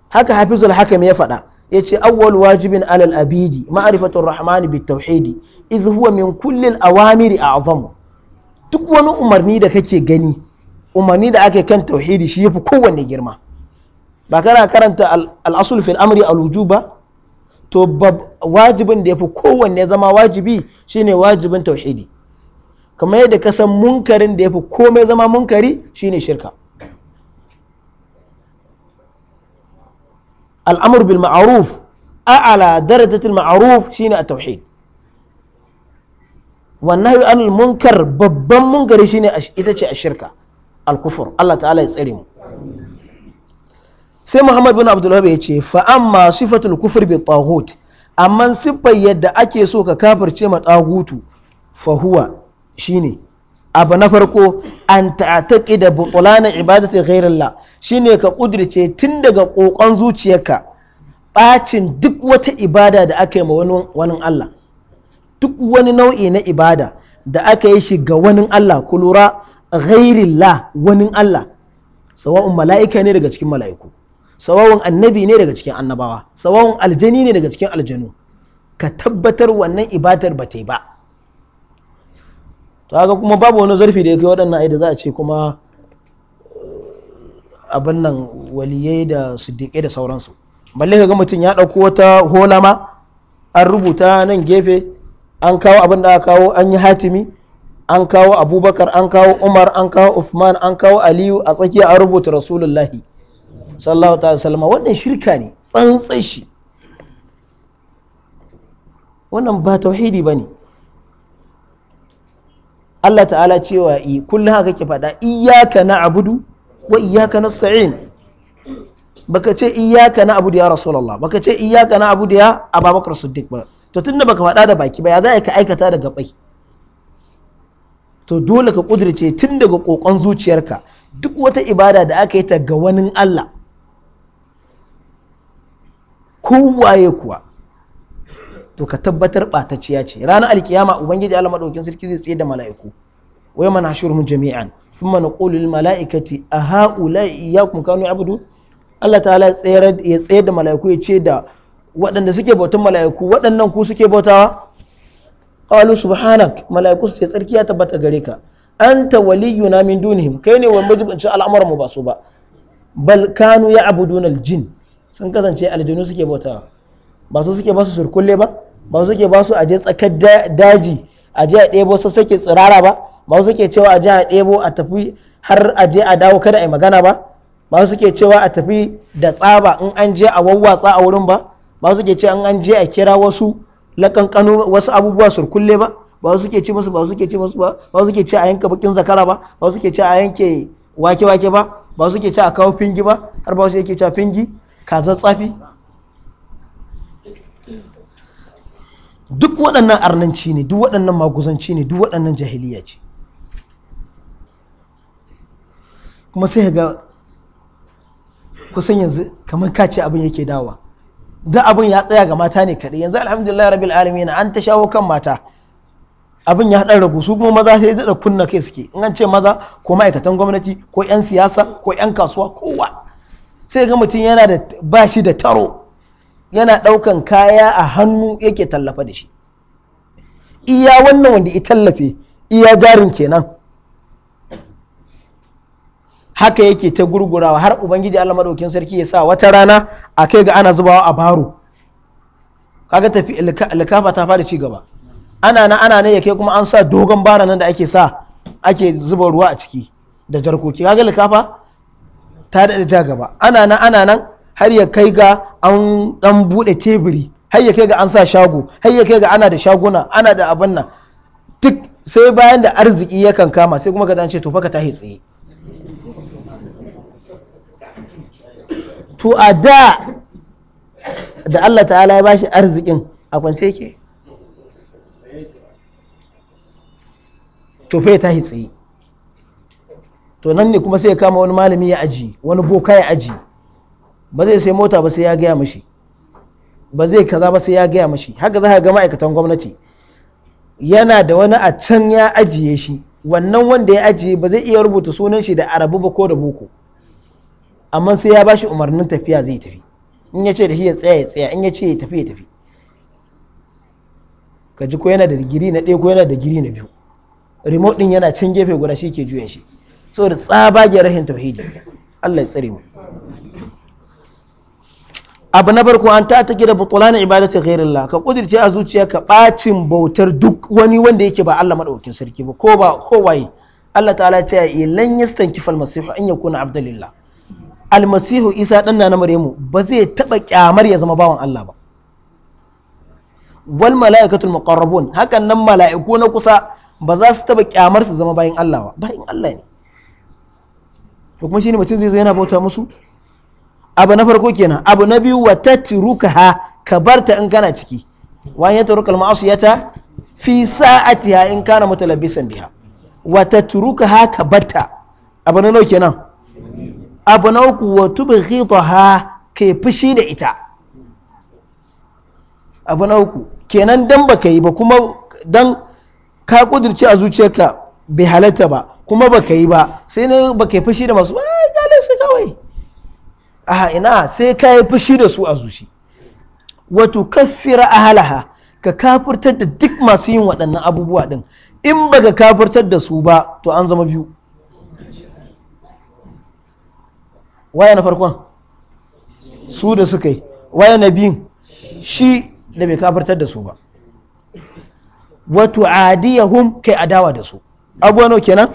haka hafizul hakim ya faɗa ya ce awwal wajibin alal abidi ma'arifatul rahmani bi tauhidi iz huwa min kullil awamiri azam duk wani umarni da kake gani umarni da ake kan tauhidi shi yafi kowanne girma ba kana karanta al'asul fil amri al ba to wajibin da yafi kowanne zama wajibi shine wajibin tauhidi kamar yadda ka san munkarin da ya fi komai zama munkari shine shirka al'amur bil ma'aruf a'ala darajatul ma'aruf shine a tauhid wannan anul munkar babban munkari shine ita ce a shirka al-kufur Allah ta'ala ya tsare mu sai Muhammad bin Abdullah ya ce fa'an amma sifatul kufur bi taghut amma siffar yadda ake so ka kafirce ma tagutu fahuwa shine abu na farko an ta'ataki da butulana ibadati ghairillah shine ka kudirce tun daga kokon zuciyarka bacin duk wata ibada da aka yi ma wani Allah duk wani nau'i na ibada da aka yi shi ga wani Allah ku lura ghairillah wani Allah sawa'un mala'ika ne daga cikin mala'iku sawa'un annabi ne daga cikin annabawa sawa'un aljani ne daga cikin aljanu ka tabbatar wannan ibadar ba ta yi ba to haka kuma babu wani zarfi da ya kai waɗannan ai da za a ce kuma eh, abin nan waliyai da siddiƙai da sauransu balle ka ga mutum ya ɗauko wata hola ma an rubuta nan gefe an kawo abin da aka kawo an yi hatimi an kawo abubakar an kawo umar an kawo uthman an kawo aliyu a tsakiya an rubuta rasulullahi sallallahu ta'ala salama wannan shirka ne tsantsan shi wannan ba tauhidi ba ne Allah ta'ala cewa yi kullum haka ke faɗa iyaka na abudu wa iyaka na sa'in baka ce iyaka na abudu ya rasulallah baka ce iyaka na abudu ya ababakar duk ba to tunda baka faɗa da baki ba ya za ka aikata da gabai to dole ka kudirce tun daga kokon zuciyarka duk wata ibada da aka yi ta ga wani Allah kowaye kuwa to ka tabbatar ɓatacciya ce ranar alkiyama ubangiji Allah madaukakin sarki zai tsaye da mala'iku wai mana shuruhum jami'an thumma naqulu lil mala'ikati a haula iyyakum kanu abudu Allah ta'ala ya tsaye da mala'iku ya ce da waɗanda suke bautan mala'iku waɗannan ku suke bautawa qalu subhanak mala'iku su ce tsarki ya tabbata gare ka anta waliyuna min dunihim kai ne wanda ci al'amuran mu ba su ba bal kanu ya jin sun kasance aljanu suke bautawa ba su suke ba su surkulle ba ba su ke ba su aje tsakar daji aje a ɗebo su sake tsirara ba ba su ke cewa aje a ɗebo a tafi har aje a dawo kada a yi magana ba ba su ke cewa a tafi da tsaba in an je a wawwatsa a wurin ba ba su ke cewa in an je a kira wasu lakankanu wasu abubuwa surkulle ba ba su ke ci musu ba su ke ci musu ba ba su ke ci a yanka bakin zakara ba ba su ke ci a yanke wake wake ba ba su ke ci a kawo fingi ba har ba su ci a fingi kaza tsafi duk waɗannan arnanci ne duk waɗannan maguzanci ne duk waɗannan jahiliya ce kuma sai ga kusan yanzu kamar kace abin yake dawa da abin ya tsaya ga mata ne kaɗai yanzu alhamdulillah rabbil alamin an ta shawo kan mata abin ya haɗar ragu su kuma maza sai daɗa kunna kai suke in an ce maza ko ma'aikatan gwamnati ko 'yan siyasa ko 'yan kasuwa kowa sai ga mutum yana da bashi da taro yana ɗaukan kaya a hannu yake tallafa da shi iya wannan wanda ya tallafe iya jarin kenan haka yake ta gurgurawa har ubangiji allah maɗaukin sarki ya sa wata rana a kai ga ana zubawa a baro kaga tafi likafa ta fara ci gaba ana na ana ne ya kai kuma an sa dogon bara nan da ake sa ake zuba ruwa a ciki da jarkoki kaga likafa ta da ja gaba ana na ana nan har ya kai ga an dan bude teburi har ya kai ga an sa shago har ya kai ga ana da shaguna ana da abin nan duk sai bayan da arziki yakan kama sai kuma ka dan ce to fa ka tahi tsaye to a da da Allah ta'ala ya bashi arzikin a kwance yake to fa ya tahi tsaye to nan ne kuma sai ya kama wani malami ya aji wani boka ya aji ba zai sai mota ba sai ya gaya mashi ba zai kaza ba sai ya gaya mashi haka za ka ga ma'aikatan gwamnati yana da wani a can ya ajiye shi wannan wanda ya ajiye ba zai iya rubuta sunan shi da arabu ba ko da boko amma sai ya bashi umarnin tafiya zai tafi in ya ce da shi ya tsaya ya tsaya in ya ce ya tafi ya tafi ka ji ko yana da digiri na ɗaya ko yana da digiri na biyu remote din yana can gefe guda shi ke juya shi saboda tsabagen rahin tauhidi Allah ya tsare mu abu na farko an ta take da butulan ibadati ghairillah ka kudirce a zuciya ka bacin bautar duk wani wanda yake ba Allah madaukakin sarki ba ko ba ko waye Allah ta'ala ta yi lan fal almasihu an yakuna abdalillah masihu isa dan na maryamu ba zai taba kyamar ya zama bawan Allah ba wal malaikatul muqarrabun hakan nan mala'iku na kusa ba za su taba kyamar su zama bayin Allah ba bayin Allah ne to kuma shine mutum zai zo yana bauta musu abu na farko kenan abu na biyu wa ha ka barta in kana ciki wa ya tarukal ma'asiyata fi sa'atiha in kana mutalabbisan biha wa ha ka barta abu na nawa kenan abu na uku wa tubghidha kai fushi da ita abu na uku kenan dan baka yi ba kuma dan ka kudurci a zuciyarka bai halatta ba kuma baka yi ba sai ne baka yi fushi da masu ba ya kawai a ina sai ka yi fushi da su a zuci wato a halaha ka kafirtar da duk masu yin waɗannan abubuwa ɗin in ba ka kafurtar da su ba to an zama biyu waya na farkon su da suka yi waya na biyun shi da bai kafurtar da su ba wato adiyahum kai adawa da su abuwa nau kenan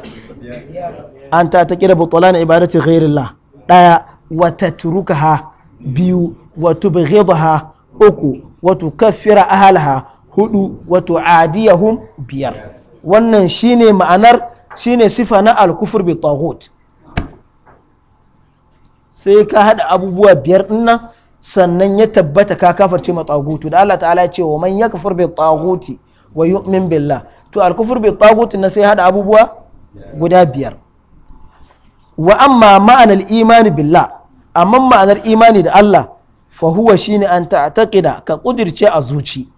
an ta ta kira butulana ibadati ghairillah ɗaya. wa tatrukaha biyu wa tubghidha uku wa tukaffira ahalaha hudu wa tu'adiyahum biyar wannan shine ma'anar shine sifa na al bi taghut sai ka hada abubuwa biyar dinnan sannan ya tabbata ka kafarce ma tagutu da Allah ta'ala ya ce wa man yakfur bi taguti wa yu'min billah to al-kufr bi taguti na sai hada abubuwa guda biyar wa amma ma'anar imani billah amma ma'anar imani da Allah fa huwa shine an ta'taqida ka kudirce a zuci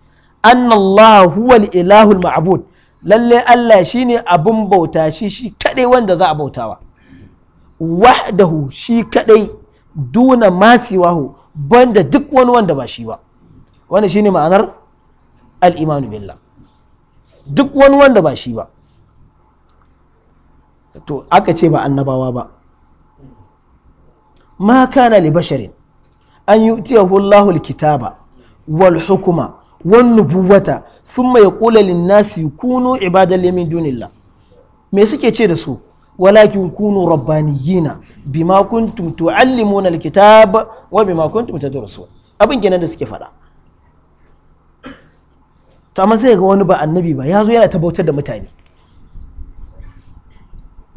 anna Allah huwa ilahul ma'bud lalle Allah shine abun bauta shi shi kadai wanda za a bautawa wahdahu shi kadai duna masiwahu banda duk wani wanda ba shi ba wannan shine ma'anar al-imanu billah duk wani wanda ba shi ba to aka ce ba annabawa ba ma kana li basharin an yi Allahu al-kitaba wal hukuma wal nubuwata thumma yaqulu lin nasi kunu ibadan li min dunillah me suke ce da su walakin kunu rabbaniyina bima kuntum tuallimuna al-kitab wa bima kuntum tadrusu abin kenan da suke fada to amma sai ga wani ba annabi ba ya zo yana tabbatar da mutane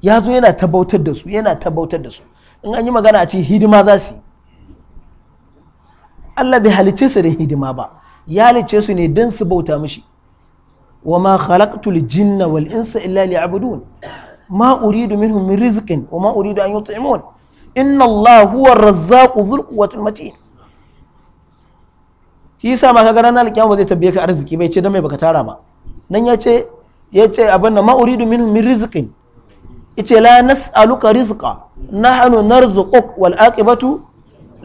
ya zo yana tabbatar da su yana tabbatar da su in an yi magana a ce hidima za su yi. Allah bai halicce su da hidima ba ya halicce su ne don su bauta mishi wa ma khalaqtul jinna wal insa illa liya'budun ma uridu minhum min rizqin wa ma uridu an yut'imun inna Allah huwa ar-razzaqu dhul quwwatil matin shi yasa ma kaga ranar alkiyama zai tabbaye ka arziki bai ce dan mai baka tara ba nan ya ce ya ce abin da ma uridu minhum min rizqin ice la nas'aluka rizqa nahnu narzuquk wal aqibatu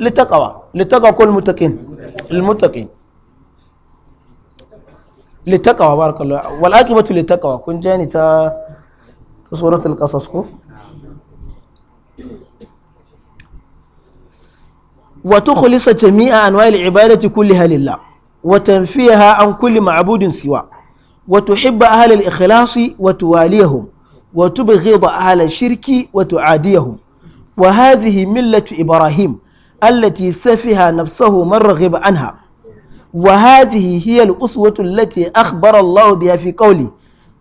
litaqwa litaqwa muttaqin muttaqin litaqwa barakallahu wal aqibatu litaqwa kun jani ta suratul qasas ko وتخلص جميع أنواع العبادة كلها لله وتنفيها عن كل معبود سواه وتحب أهل الإخلاص وتواليهم وتبغض أهل الشرك وتعاديهم وهذه ملة إبراهيم التي سفها نفسه من رغب عنها وهذه هي الأسوة التي أخبر الله بها في قوله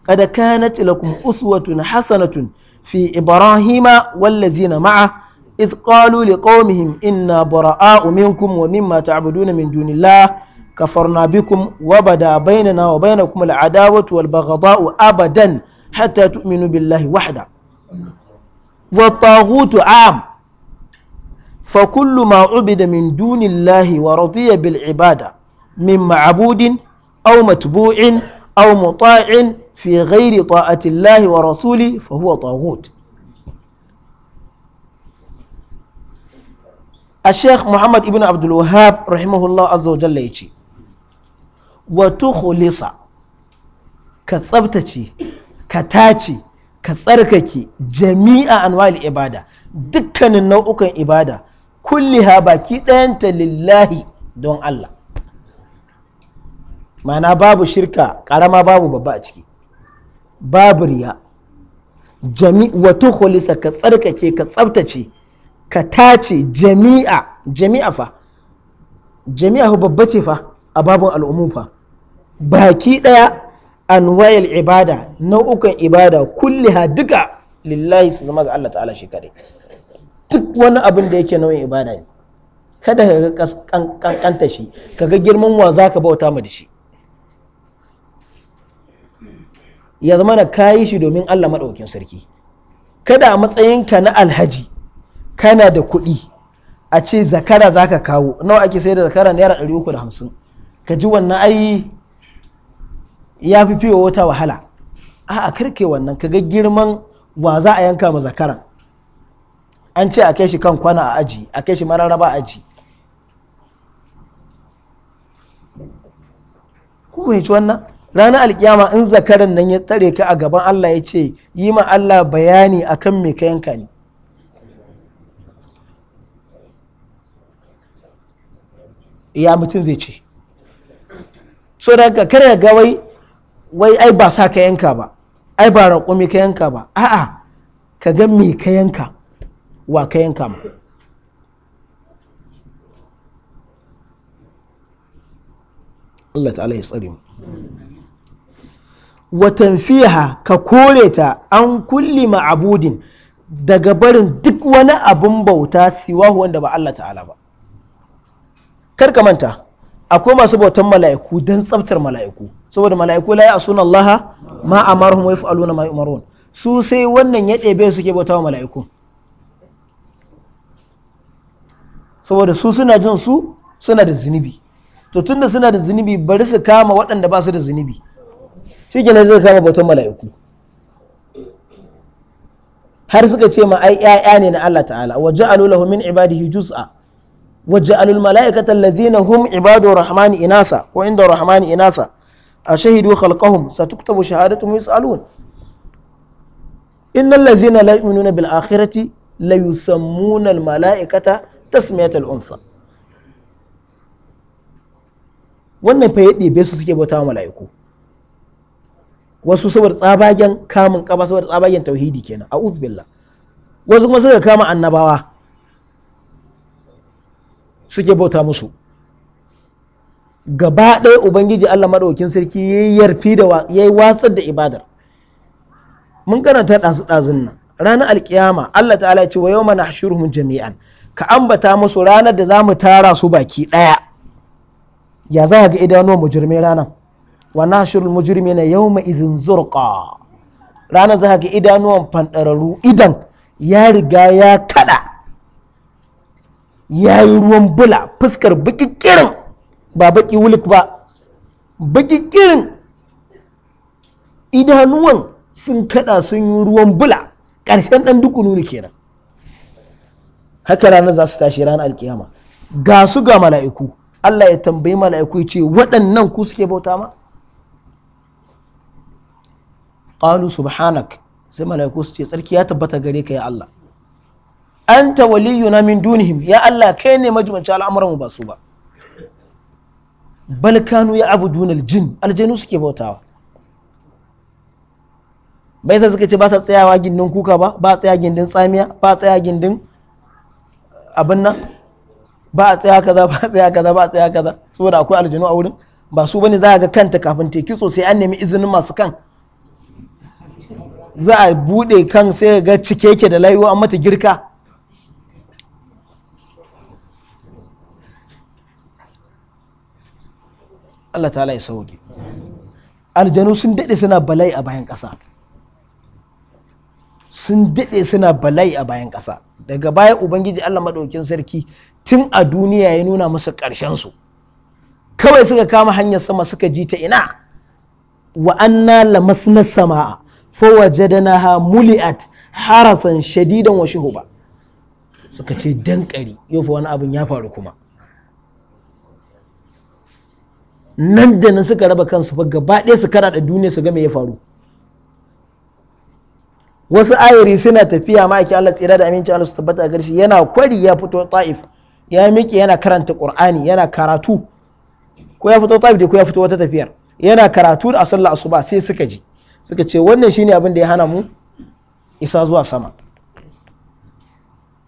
قد كانت لكم أسوة حسنة في إبراهيم والذين معه إذ قالوا لقومهم إنا براء منكم ومما تعبدون من دون الله كفرنا بكم وبدا بيننا وبينكم العداوة والبغضاء أبدا حتى تؤمنوا بالله وحده والطاغوت عام فكل ما عبد من دون الله ورضي بالعبادة من معبود أو متبوع أو مطاع في غير طاعة الله ورسوله فهو طاغوت الشيخ محمد ابن عبد الوهاب رحمه الله عز وجل يجي وتخلص كسبتشي ka tace ka tsarkake jami'a anwa'il ibada dukkanin nau'ukan ibada kulliha baki ɗayanta lillahi don Allah Mana babu shirka karama babu babba a ciki babu riya wato holisa ka tsarkake ka tsabtace ka tace jami'a jami'a fa jami'a babba ce fa a babun al'ummu fa baki ɗaya anwayal ibada nau'ukan ibada kulliha duka lillahi su zama ga Allah ta'ala shekare duk wani abin da yake nau'in ibada ne kada ka ga kankanta shi ka ga girman wa za ka bauta ma da shi ya zama na kayi shi domin Allah maɗaukin sarki kada a matsayin ka na alhaji kana da kuɗi a ce zakara za ka kawo nawa ake sai da zakara naira ɗari uku da hamsin ka ji wannan ai ya fi fiye wata wahala a'a karke wannan kaga girman wa za a yanka ma zakaran an ce a kai shi kan kwana a aji a kai shi mararraba a aji ya ci wannan ranar alkiyama in zakaran nan ya tsare ka a gaban Allah ya ce yi ma Allah bayani akan me ka yanka ne ya mutum zai ce so da ka kare gawai wai ai ba sa ka yanka ba ai ba raƙumi ka yanka ba a'a ka ga me ka yanka wa ka yanka ma Allah ta'ala ya tsare mu watan fiha ka kore ta an kulli ma'abudin daga barin duk wani abun bauta siwa wanda ba Allah ta'ala ba kar ka manta akwai masu bautan mala'iku don tsabtar mala'iku saboda mala'iku la ya'suna Allah ma amaruhum wa yaf'aluna ma yu'marun su sai wannan ya ɗebe suke bauta wa mala'iku saboda su suna jin su suna da zunubi to tunda suna da zunubi bari su kama waɗanda ba su da zunubi shi kenan zai kama bautan mala'iku har suka ce ma ai 'ya'ya ne na Allah ta'ala wa ja'alu lahum min ibadihi juz'a wa ja'alul mala'ikata allazina hum ibadu rahmani inasa ko inda rahmani inasa a shahidu khalqahum satuktabu shahadatuhum yus'alun innal ladhina la yu'minuna bil akhirati la yusammuna al malaikata tasmiyat al unsa wannan fa yadda bai su suke bauta malaiku wasu saboda tsabagen kamun kaba saboda tsabagen tauhidi kenan a'udhu billah wasu kuma suka kama annabawa suke bauta musu gaba ɗaya ubangiji Allah maɗaukin sarki ya yi yarfi da ya yi watsar da ibadar mun karanta ɗazu ɗazun nan ranar alkiyama Allah ta'ala ya ce wa yau mana hashuruhum jami'an ka ambata musu ranar da za mu tara su baki ɗaya ya za a ga idanuwan mujirmai ranar wa mujirmai na yau izin zurƙa. ranar za a ga idanuwan fanɗararru idan ya riga ya kaɗa ya yi ruwan bula fuskar bikikirin ba baki wulik ba baki kirin idanuwan sun kada sun yi ruwan bula ƙarshen ɗan duku nuni kenan haka ranar za su tashi ranar alkiyama ga su ga mala'iku Allah ya tambayi mala'iku ya ce waɗannan ku suke bauta ma qalu subhanak sai mala'iku su ce tsarki ya tabbata gare ka ya Allah anta waliyuna min dunihim ya Allah kai ne majibanci al'amuran mu ba su ba bal kanu ya dunal aljin aljanu suke bautawa bai sa suka ce ba sa tsayawa gindin kuka ba ba tsaya gindin tsamiya ba tsaya gindin abin nan ba a tsaya kaza ba a tsaya kaza ba a tsaya kaza saboda akwai aljanu a wurin ba su bane za a ga kanta kafin teki sosai an nemi izinin masu kan za a bude kan sai ga cike yake da layuwa an mata girka Allah ta ya sauke aljanu sun daɗe suna bala'i a bayan ƙasa sun daɗe suna bala'i a bayan ƙasa daga baya ubangiji Allah maɗaukin sarki tun a duniya ya nuna musu ƙarshen su kawai suka kama hanyar sama suka ji ta ina wa anna lamasna sama'a fa muli muli'at harasan shadidan wa shuhuba suka ce dankari yau fa wani abin ya faru kuma nan da nan suka raba kansu fa gaba ɗaya su da duniya su ga ya faru wasu ayari suna tafiya ma ake Allah tsira da aminci Allah su tabbata a garshi yana kwari ya fito ta'if ya miƙe yana karanta qur'ani yana karatu ko ya fito ta'if da ko ya fito wata tafiyar yana karatu da a asuba sai suka je. suka ce wannan shine abin da ya hana mu isa zuwa sama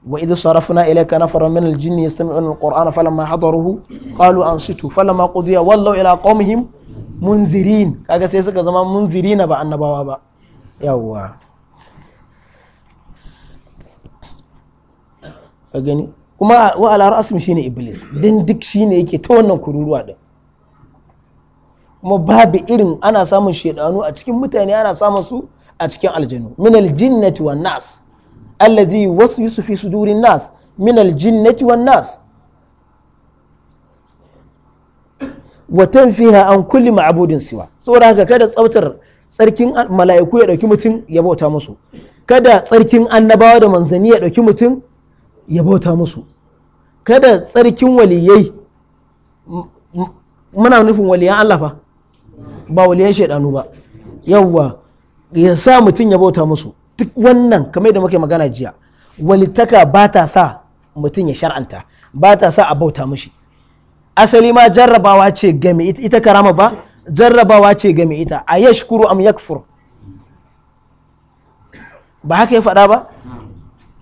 wa idu sarrafa na ila kana fara min aljinni yastami'una alqur'ana falamma hadaruhu qalu ansitu falamma qudiya wallahu ila qaumihim munzirin kaga sai suka zama munzirina ba annabawa ba yawa agani kuma wa ala ra'sim shine iblis din duk shine yake ta wannan kururuwa din kuma babu irin ana samun shedanu a cikin mutane ana samun su a cikin aljannu min aljinnati wan nas alladhi waswisu fi sudurin nas min aljinnati wan nas wa tanfiha an kulli ma'budin siwa saboda haka kada tsautar tsarkin mala'iku ya dauki mutum ya bauta musu kada tsarkin annabawa da manzanni ya dauki mutum ya bauta musu kada tsarkin waliyai muna nufin waliyan Allah fa ba waliyan shaidanu ba yawwa ya sa mutum ya bauta musu duk wannan kamar da muke magana jiya walitaka ba ta sa mutum ya shar'anta ba ta sa a bauta mushi asali ma jarrabawa ce game ita karama ba jarrabawa ce game ita a yashkuru am yakfur ba haka ya faɗa ba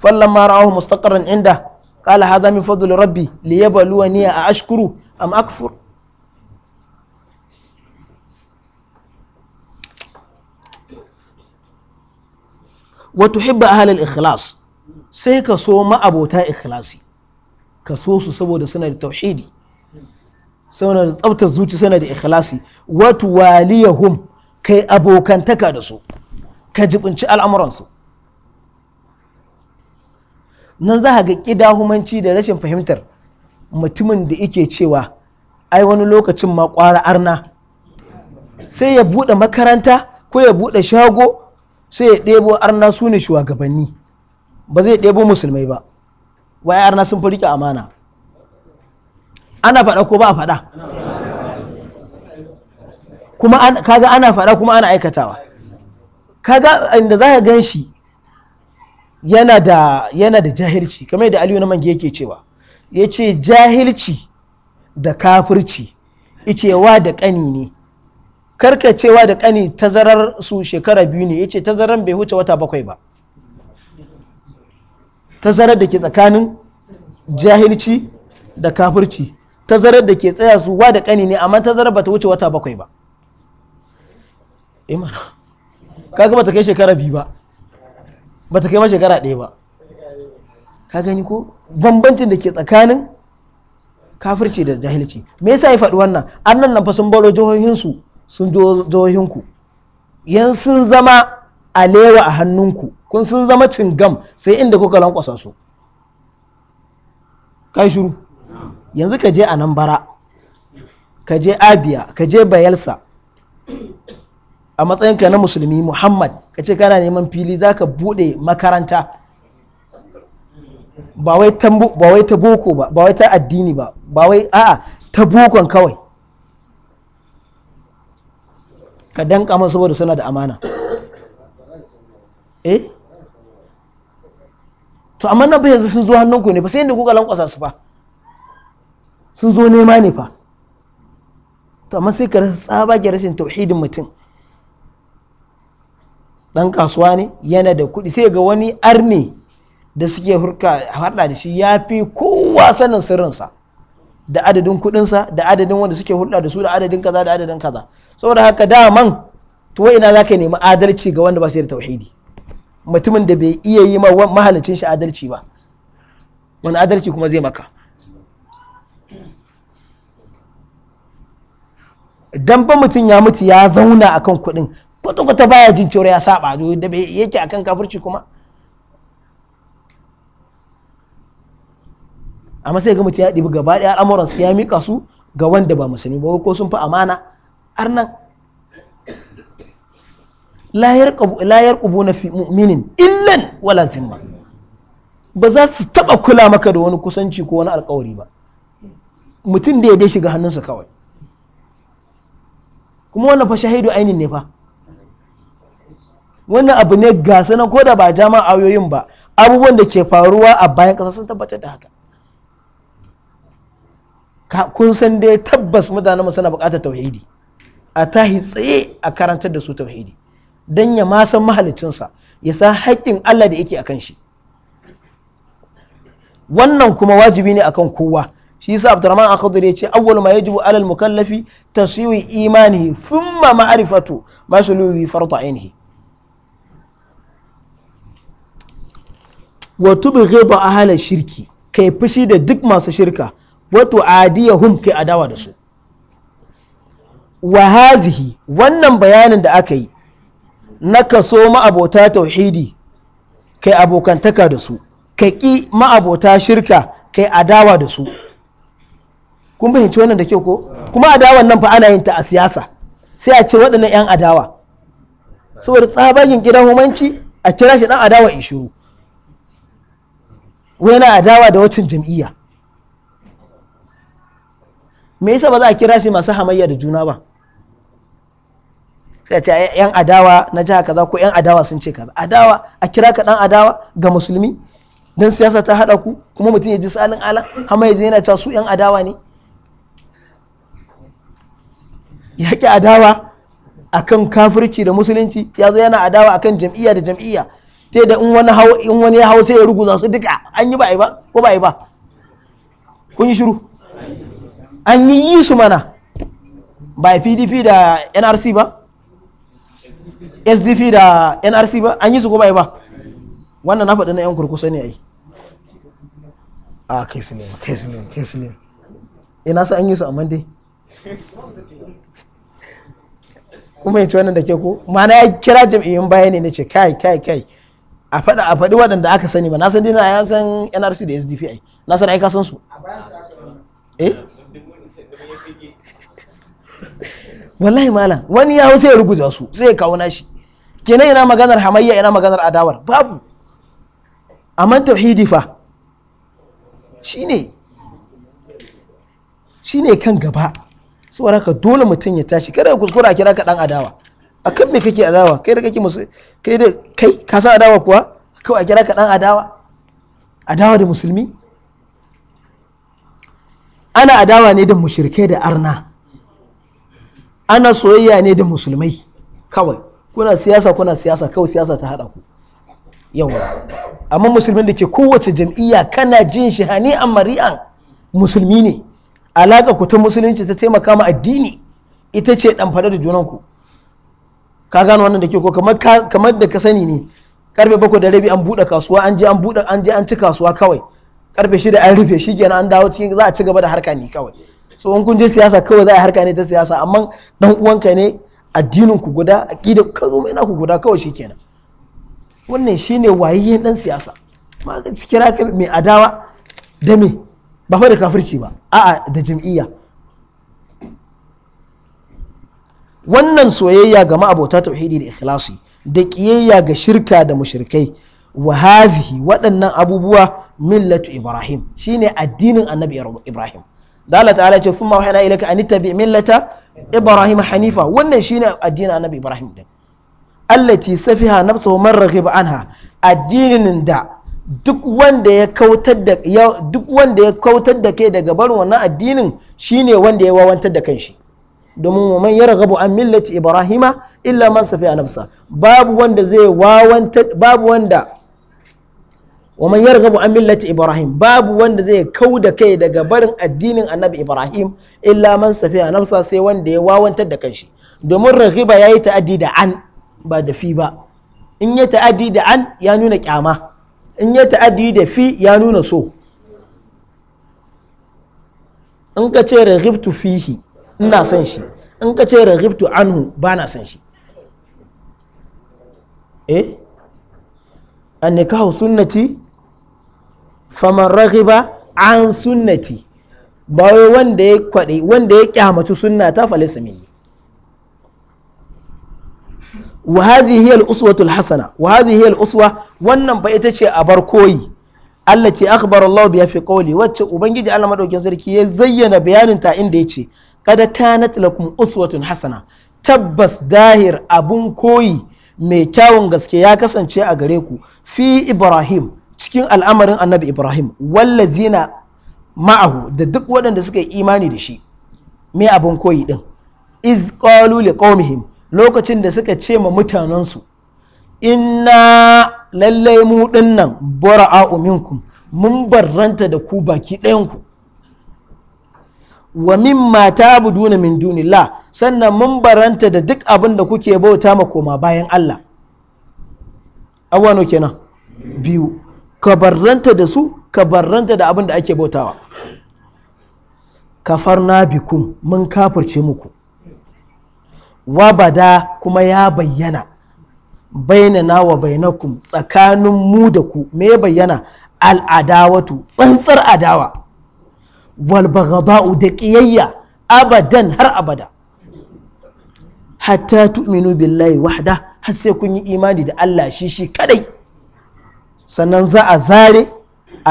فلما رآه inda عنده قال هذا rabbi فضل ربي a ashkuru amma أكفر wa a halin ikhlas sai ka so ma'abota ikhlasi ka so su saboda suna da tauhidi suna da tsabtar zuci suna da ikhlasi wa tuwaliyahum kai abokantaka da su ka jibinci al'amuransu nan za ga humanci da rashin fahimtar mutumin da yake cewa ai wani lokacin ma ƙwara arna sai ya buɗe makaranta ko ya buɗe shago sai ya ɗebo arna su ne shugabanni ba zai ɗebo musulmai ba waye arna sun fi riƙe amana ana faɗa ko ba a faɗa kuma kaga ana faɗa kuma ana aikatawa kaga inda za ka gan shi yana da yana da jahilci kamar da aliyu na mange yake cewa ya ce jahilci da kafirci icewa da ƙani ne karkacewa da ƙani tazarar su shekara biyu ne yace tazaran bai huce wata bakwai ba tazarar da ke tsakanin jahilci da kafirci tazarar da ke tsaya su wa da ƙani ne amma tazarar bata wuce wata bakwai ba imana eh kaga ba ta kai shekara biyu ba ba ta kai ma shekara ɗaya ba ka gani ko bambancin da ke tsakanin kafirci da jahilci me yasa ya faɗi wannan annan nan fa sun baro jihohinsu sun jihohinku yan sun zama alewa a hannunku kun sun zama cin gam sai inda kuka lankwasa su kai shiru yanzu ka je a nan bara. ka je abiya. ka je bayelsa a matsayinka na musulmi muhammad ka ce kana neman fili za ka buɗe makaranta ba wai ta boko ba ba wai ta addini ba ba wai a'a ta bokon kawai ka danka masu saboda suna da amana eh to amma nan fa yanzu sun zo hannunku ne fa sai inda kuka lankwasa su fa sun zo nema ne fa to amma sai ka rasa ga rashin tauhidin mutum dan kasuwa ne yana da kuɗi sai ga wani arni da suke hurka harda da shi ya fi kowa sanin sirrinsa da adadin kuɗinsa da adadin wanda suke hulɗa da su da adadin kaza da adadin kaza saboda haka daman to ina zaka ka nemi adalci ga wanda ba shi da tauhidi mutumin da bai iya yi mahalicin shi adalci ba wani adalci kuma zai maka dan ba mutum ya mutu ya zauna akan kuɗin kwata-kwata baya jin cewa ya saba da yake akan kafirci kuma amma sai ga mutum ya ɗibi gaba ɗaya al'amuran su ya mika su ga wanda ba musulmi ba ko sun fi amana arnan layar na fi mu'minin illan wala zimma ba za su taba kula maka da wani kusanci ko wani alkawari ba mutum da ya dai shiga hannunsa kawai kuma wannan fa shahidu ainin ne fa wannan abu ne gasa na koda da ba jama ayoyin ba abubuwan da ke faruwa a bayan kasa sun tabbatar da haka kun san dai tabbas mutanen mu suna buƙatar tauhidi a tahi tsaye a karantar da su tauhidi dan ya ma san mahalicinsa ya san haƙƙin Allah da yake kan shi wannan kuma wajibi ne akan kowa shi yasa Abdurrahman Al-Khadri ya ce awwal ma yajibu alal mukallafi tasyiwi imanihi thumma ma'rifatu ma shulu farta ainihi wa tubghida ahla shirki kai fushi da duk masu shirka wato hum ke adawa da su wa hazihi wannan bayanin da aka yi na kaso ma'abota tauhidi kai abokantaka da su ka ƙi ma'abota shirka kai adawa da su kun fahimci wannan da kyau ko kuma adawan nan fa ana yin ta a siyasa sai a ce waɗannan 'yan adawa saboda tsabagen gidan humanci a kira shi ɗan adawa in shiru wani adawa da wacin jam'iyya me yasa ba za a kira shi masu hamayya da juna ba sai ce yan adawa na jiha kaza ko yan adawa sun ce kaza adawa a kira ka dan adawa ga musulmi dan siyasa ta hada ku kuma mutum ya ji salin alan hamayya yana ta su yan adawa ne ya ki adawa akan kafirci da musulunci ya zo yana adawa akan jam'iyya da jam'iyya sai da in wani ya hau sai ya ruguza su duka an yi ba ba ko ba ba kun yi shiru an yi yi su mana ba pdp da nrc ba sdp da nrc ba an yi su ko ba ba wannan na faɗi na 'yan kurkusa ne a yi a nema kai su ina sa an yi su amma dai kuma yanci wannan da ke ko mana ya kira jam'iyyun baya ne na ce kai kai kai a faɗa a faɗi waɗanda aka sani ba na san dina ya san nrc da sdp a yi na san aika ka san su eh wallahi mala wani ya sai ya ruguza su sai ya kawo nashi kenan yana maganar hamayya yana maganar adawar babu amma tauhidi fa shine shine kan gaba saboda ka dole mutum ya tashi kada kuskura a kira ka dan adawa akan me kake adawa kai da kake musu kai da kai ka san adawa kuwa kawai a kira ka dan adawa adawa da musulmi ana adawa ne da mushrikai da arna ana soyayya ne da musulmai kawai kuna siyasa kuna siyasa kawai siyasa ta hada ku yawa amma musulmin da ke kowace jam'iyya kana jin shi hani a mari'an musulmi ne alaka ku ta musulunci ta taimaka ma addini ita ce ɗan da ku ka gano wannan da ke ko kamar da ka sani ne karfe bakwai da rabi an buɗe kasuwa an je an bude an je an ci kasuwa kawai karfe shida an rufe shi kenan an dawo cikin za a ci gaba da harka ne kawai so in kun je siyasa kawai za a harka ne ta siyasa amma dan uwanka ne addinin ku guda aqida kazo mai naku guda kawai shikenan wannan shine wayayyen dan siyasa ma ka kira ka mai adawa da me ba fa da kafirci ba a'a da jam'iyya wannan soyayya ga ma'abota tauhidi da ikhlasi da kiyayya ga shirka da mushrikai wa hadhihi waɗannan abubuwa millatu ibrahim shine addinin annabi ibrahim da Allah ta'ala ce sun mawahina ilaka an tabi millata ibrahim hanifa wannan shine addinin annabi ibrahim din allati safiha nafsuhu man raghiba anha addinin da duk wanda ya kautar da duk wanda ya kautar da kai daga barin wannan addinin shine wanda ya wawantar da kanshi domin man yarghabu an millati ibrahima illa man safiha nafsa babu wanda zai wawantar babu wanda wa man yarghabu an millati ibrahim babu wanda zai kau da kai daga barin addinin annabi ibrahim illa man safiya nafsa sai wanda ya wawantar da kanshi domin raghiba yayi ta'addi da an ba da fi ba in ya ta'addi da an ya nuna kyama in ya ta'addi da fi ya nuna so in ka ce raghibtu fihi ina son shi in ka ce raghibtu anhu ba na son shi eh an nikahu sunnati faman raghiba an sunnati ba wai wanda ya kwaɗe wanda ya kyamatu sunna ta falisa minni wa hadhihi hiya al-uswatu al-hasana wa hadhihi hiya al-uswa wannan ba ita ce bar koyi allati akhbara Allah biha fi qawli wacce ubangiji Allah madaukin sarki ya zayyana bayanin ta inda yace kad kanat lakum uswatun hasana tabbas dahir abun koyi mai kyawun gaske ya kasance a gare ku fi Ibrahim cikin al'amarin annabi ibrahim wallazina ma'ahu da duk waɗanda suka yi imani da shi me abin koyi ɗin. iz qalu liqaumihim lokacin da suka ce ma mutanensu inna lallai mu dinnan bora minkum mun barranta da ku baki ɗayanku wa mimma ta'buduna min dunillah sannan mun baranta da duk abin da kuke bauta ma koma bayan Allah awwano kenan biyu ka barranta da su ka barranta da abin da ake bautawa na bikun mun kafirce muku Wabada kuma ya bayyana bainana wa bainakum tsakanin mu da ku me bayyana al'adawatu tsantsar adawa wal baghda'u da ƙiyayya abadan har abada hatta tu'minu billahi wahda har sai kun yi imani da Allah shi shi kadai sannan za a zare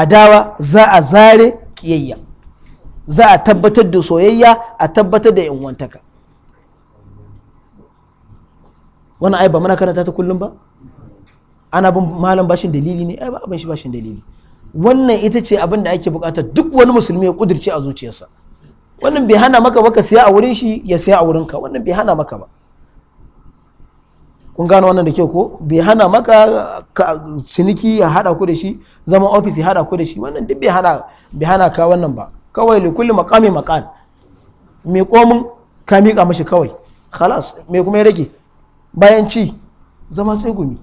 adawa za a zare kiyayya za a tabbatar da soyayya a tabbatar da yanwantaka wannan ai ba mana karanta ta kullum ba ana bin malam bashin dalili ne ai ba abin shi bashin dalili wannan ita ce abin da ake bukatar duk wani musulmi ya kudirce a zuciyarsa wannan bai hana maka ba ka siya a wurin shi ya siya a wurinka wannan bai hana maka ba kun gano wannan da kyau ko bai hana maka ciniki ya hada ku da shi zama ofis ya hada ku da shi wannan duk bai hana ka wannan ba kawai li kulli maqami maqal me komin ka mika mashi kawai khalas me kuma ya rage bayan ci zama sai gumi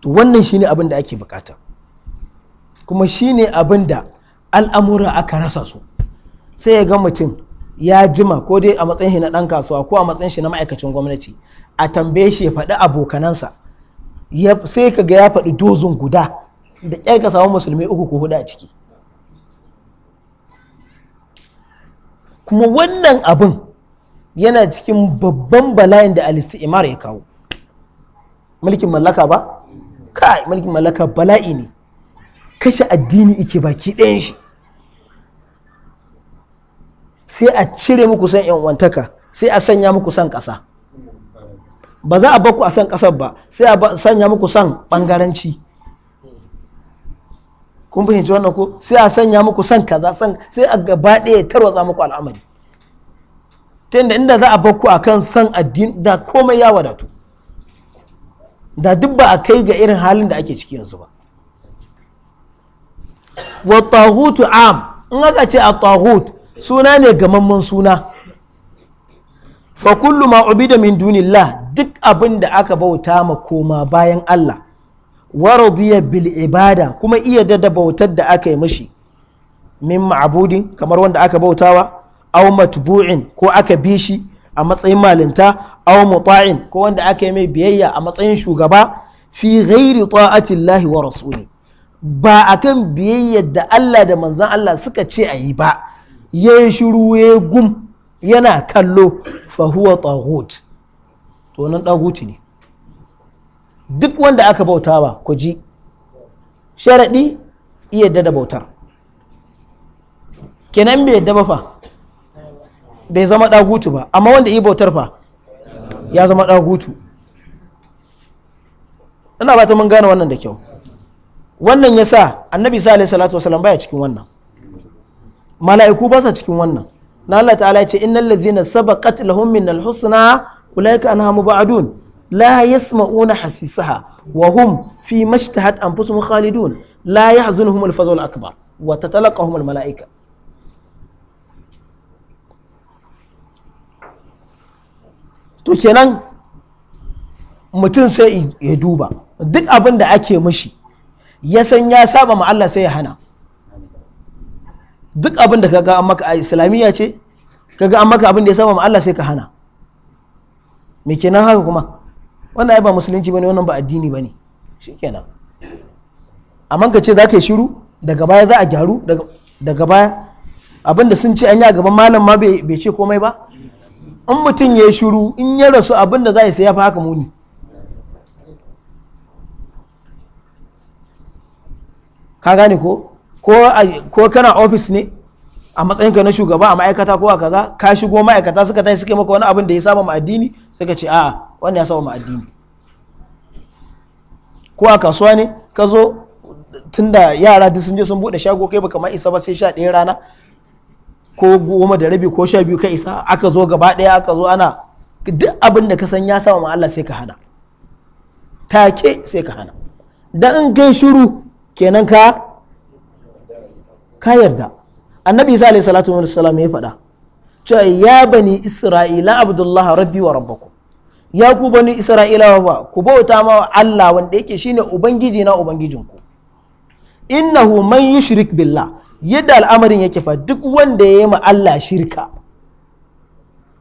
to wannan shine abin da ake bukata kuma shine abin da al'amura aka rasa su sai ya ga mutum ya jima ko dai a matsayin shi na ɗan kasuwa ko a matsayin shi na ma'aikacin gwamnati a tambaye shi ya faɗi abokanansa sai ka ga ya faɗi dozin guda da ƙyar ka musulmi uku ko huɗu a ciki kuma wannan abin yana cikin babban bala'in da al imar ya kawo mulkin mallaka ba kai mulkin mallaka bala'i ne kashe addini ike baki ɗayan shi sai a cire muku san yanwantaka sai a sanya muku san ƙasa ba za a baku a san ƙasar ba sai a sanya muku san ɓangaranci kun fahimci wannan ko sai a sanya muku san kaza san sai a gaba ɗaya tarwatsa muku al'amari ta yadda inda za a bakku a kan san addini da komai ya wadatu da duk ba a kai ga irin halin da ake ciki yanzu ba wa tahutu am in aka ce a tahutu suna ne gamamman suna fa kullu ma ubida min dunillah duk abin da aka bauta ma koma bayan Allah wa radiya bil ibada kuma iya da bautar da aka yi mashi min ma'budin kamar wanda aka bautawa aw matbu'in ko aka bi shi a matsayin malinta aw muta'in ko wanda aka yi mai biyayya a matsayin shugaba fi ghairi ta'atillahi wa rasuli ba akan biyayyar da Allah da manzon Allah suka ce a yi ba ya yi shiru ya gum yana kallo fahuwa tsagot to nan ɗaguti ne duk wanda aka bautawa ku ji sharaɗi iya dada bautar kenan bai yadda fa bai zama ɗagutu ba amma wanda iya bautar fa ya zama ɗagutu ina ba ta mun gane wannan da kyau wannan ya sa annabi sa alaihi salatu wasalam baya cikin wannan mala'iku ba sa cikin wannan na Allah ta'ala ce innal ladzina sabaqat lahum min al-husna ulaika anha mubadun la yasma'una hasisaha wa hum fi mashtahat anfusuhum khalidun la yahzunuhum al al-akbar wa tatalaqahum al-mala'ika to kenan mutum sai ya duba duk abin da ake mishi ya san ya saba ma Allah sai ya hana duk abin da ka ga maka a islamiyya ce ka ga maka abin da ya saba ma Allah sai ka hana me kenan haka kuma wannan ai ba musulunci bane wannan ba addini bane shikenan amma ka ce za ka yi shiru daga baya za a gyaru daga baya abin da sun ce an yi a gaban malam ma bai ce komai ba in mutum ya yi shiru in ya rasu abin da za a sai ya haka muni ka gane ko ko kana ofis ne a matsayin ka na shugaba a ma'aikata ko a kaza ka shigo ma'aikata suka tashi suke maka wani abin da ya saba ma addini suka ce a'a wani ya saba ma addini ko a kasuwa ne ka zo tunda yara duk sun je sun bude shago kai baka ma isa ba sai sha ɗaya rana ko goma da rabi ko sha biyu ka isa aka zo gaba ɗaya aka zo ana duk abin da ka san ya saba ma Allah sai ka hana take sai ka hana dan in kai shiru kenan ka ka yarda annabi isa alayhi salatu wa salam ya faɗa cewa ya bani isra'ila abdullah rabbi wa rabbakum ya ku bani isra'ilawa ba ku bauta ma Allah wanda yake shine ubangiji na ubangijinku innahu man yushrik billah yadda al'amarin yake fa duk wanda ya yi ma Allah shirka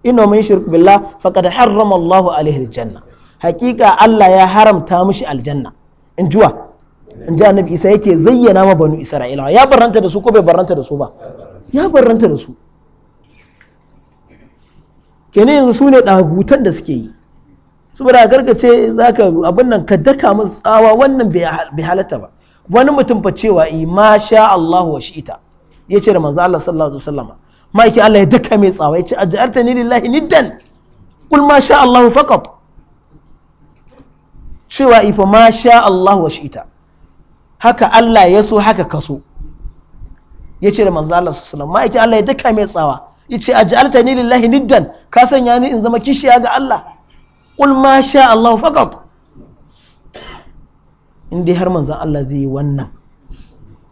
inna man yushrik billah faqad harrama Allahu alaihi aljanna hakika Allah ya haramta mishi aljanna in juwa in ji annabi isa yake zayyana ma banu isra'ila ya barranta da su ko bai barranta da su ba ya barranta da su kenan yanzu su ne ɗagutan da suke yi saboda gargace za ka abin nan ka daka musu tsawa wannan bai halatta ba wani mutum fa cewa i ma sha Allah wa shi'ita ya ce da manzo Allah sallallahu alaihi wasallama ma'aikin Allah ya daka mai tsawa ya ce aj'alta ni lillahi niddan kul ma sha Allah faqat cewa ifa ma sha Allah wa shi'ita haka Allah ya so haka ka so ya ce da manzo Allah su salam ma'aikin Allah ya daka mai tsawa ya ce a ni lillahi niddan ka sanya ni in zama kishiya ga Allah qul ma sha Allah faqat in dai har manzo Allah zai yi wannan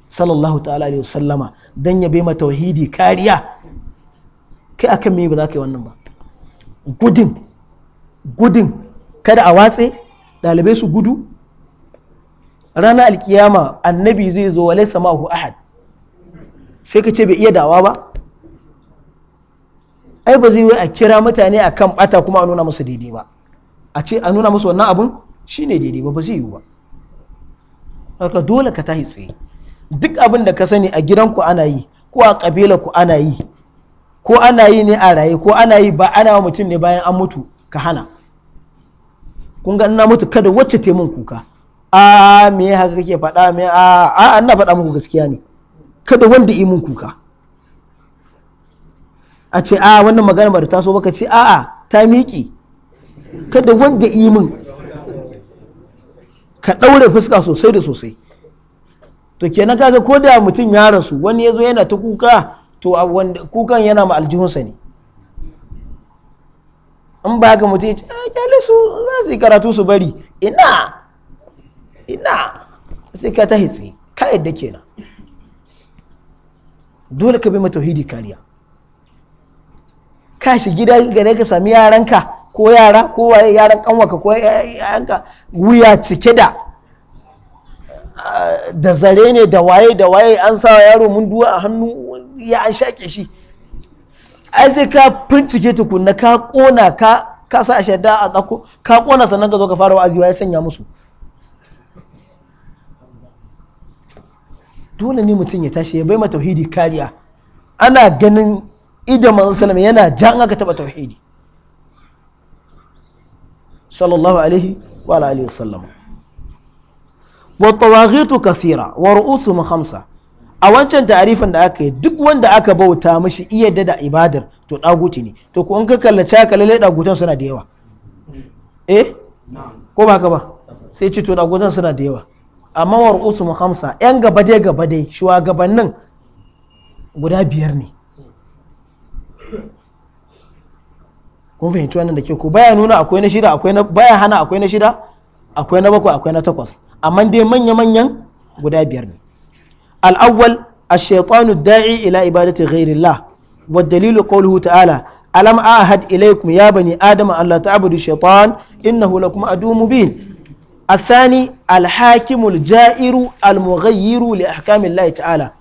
sallallahu ta'ala alaihi wasallama dan ya bai ma tauhidi kariya kai akan me ba za ka yi wannan ba Gudin. gudun kada a watse ɗalibai su gudu ranar alkiyama annabi zai zo walai samahu ahad sai ka ce bai iya dawa ba ai ba zai yi a kira mutane a kan bata kuma a nuna musu daidai ba a ce a nuna musu wannan abun shi ne daidai ba ba zai yi ba haka dole ka tahi tsaye duk abin da ka sani a gidanku ana yi ko a kabila ku ana yi ko ana yi ne a raye ko ana yi ba ana mutum ne bayan an mutu ka hana kun ga ina mutu kada wacce te mun kuka a me haka kake faɗa me a a ina faɗa muku gaskiya ne kada wanda yi mun kuka a ce a wannan magana ba da taso baka ce a a ta miƙi kada wanda yi mun ka ɗaure fuska sosai da sosai to kenan kaga ko da mutum ya rasu wani ya zo yana ta kuka to kukan yana ma aljihunsa ne in ba ka mutum ya ce a kyale za su yi karatu su bari ina ina sai ka ta hitsi ka yadda kenan dole ka bi mata tauhidi kariya ka shi gida gare ka sami yaranka ko yara ko yaran kanwaka ko yaranka wuya cike da ah, da zare ne da waye da waye an sa yaro mun duwa a hannu ya an shaƙe shi ai sai ka bincike tukunna ka kona ka ka sa a shadda a dako ka kona sannan ka zo ka fara wa'azi ya sanya musu dole ne mutum ya tashi ya bai ma tauhidi kariya ana ganin idan manzon salama yana jan aka taba tauhidi sallallahu alaihi wa alihi sallam wa tawaghitu kathira wa ru'usuhum khamsa a wancan ta'arifin da aka yi duk wanda aka bauta mashi iya da ibadar to daguti ne to ko in ka kallace ka lalle dagutan suna da yawa eh ko ba ka ba sai ce to dagutan suna da yawa amma wa ru'usuhum hamsa yan gaba dai gaba dai shugabannin guda biyar ne kun fahimci wannan da ke ku baya nuna akwai na shida akwai na baya hana akwai na shida akwai na bakwai akwai na takwas amma dai manya manyan guda biyar ne al-awwal ash-shaytanu da'i ila ibadati ghairillah wa dalilu qawluhu ta'ala alam ahad ilaykum ya bani adama an la ta'budu shaytan innahu lakum adu mubin الثاني الحاكم الجائر المغير لأحكام الله تعالى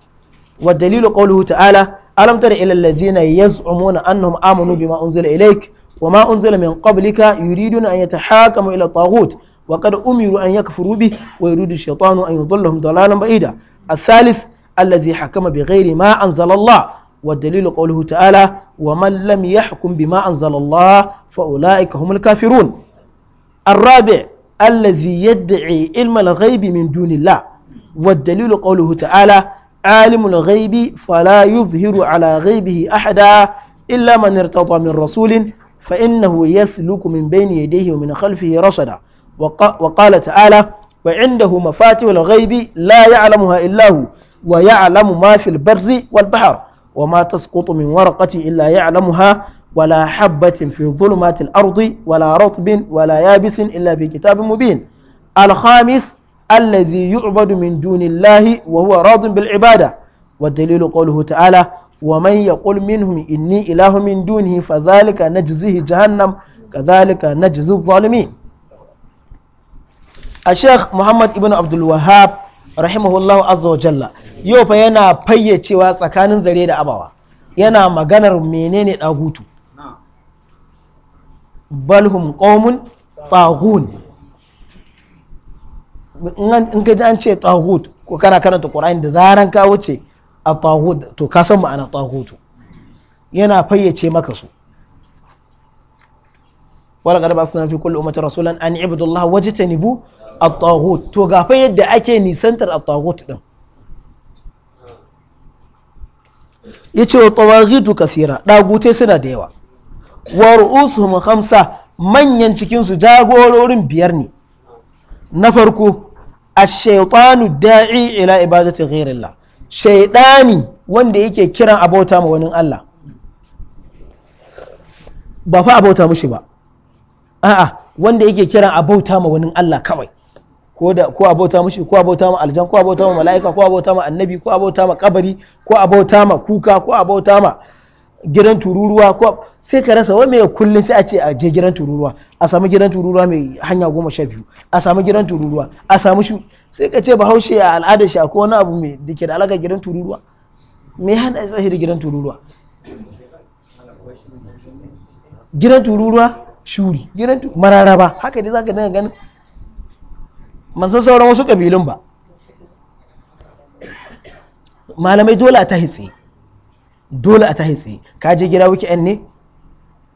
والدليل قوله تعالى ألم تر إلى الذين يزعمون أنهم آمنوا بما أنزل إليك وما أنزل من قبلك يريدون أن يتحاكموا إلى الطاغوت وقد أمروا أن يكفروا به ويريد الشيطان أن يضلهم ضلالا بعيدا الثالث الذي حكم بغير ما أنزل الله والدليل قوله تعالى ومن لم يحكم بما أنزل الله فأولئك هم الكافرون الرابع الذي يدعي علم الغيب من دون الله والدليل قوله تعالى عالم الغيب فلا يظهر على غيبه أحدا إلا من ارتضى من رسول فإنه يسلك من بين يديه ومن خلفه رشدا وقال تعالى وعنده مفاتيح الغيب لا يعلمها إلا هو ويعلم ما في البر والبحر وما تسقط من ورقة إلا يعلمها ولا حبة في ظلمات الأرض ولا رطب ولا يابس إلا في كتاب مبين الخامس الذي يعبد من دون الله وهو راض بالعبادة والدليل قوله تعالى ومن يقول منهم إني إله من دونه فذلك نجزيه جهنم كذلك نجزي الظالمين الشيخ محمد ابن عبد الوهاب رحمه الله عز وجل يوفى ينا فيتشي وسكان زريد أبوا yana maganar menene ɗagutu balhum komin taghun in ka ji an ce taghut ko kana karanta qur'ani da zaran ka wuce a taghut to ka san ma'ana taghutu yana fayyace maka su wala qad ba'athna fi kulli ummatin rasulan an ibudu ta wajtanibu at-taghut to ga fa yadda ake nisantar a taghut din yace wa tawaghitu kasira dagutai suna da yawa wa ru'usuhum khamsa manyan cikinsu jagororin biyar ne na farko ash-shaytanu da'i ila ibadati ghairillah shaydani wanda yake kiran abota ma wani Allah ba fa abota mushi ba a'a wanda yake kiran abota ma wani Allah kawai ko da ko abota mushi ko abota ma aljan ko abota ma mala'ika ko abota ma annabi ko abota ma kabari ko abota ma kuka ko abota ma gidan tururuwa ko sai ka rasa wai mai kullum sai a ce a je gidan tururuwa a samu gidan tururuwa mai hanya goma sha biyu a samu gidan tururuwa a samu shu sai ka ce bahaushe a al'adar shi ko wani abu mai da ke da alaƙa gidan tururuwa me hana tsashi da gidan tururuwa gidan tururuwa shuri gidan mararaba haka dai zaka dinga ganin man san sauran wasu kabilun ba malamai dole a ta hitse dole a ta tsaye ka je gida wiki ne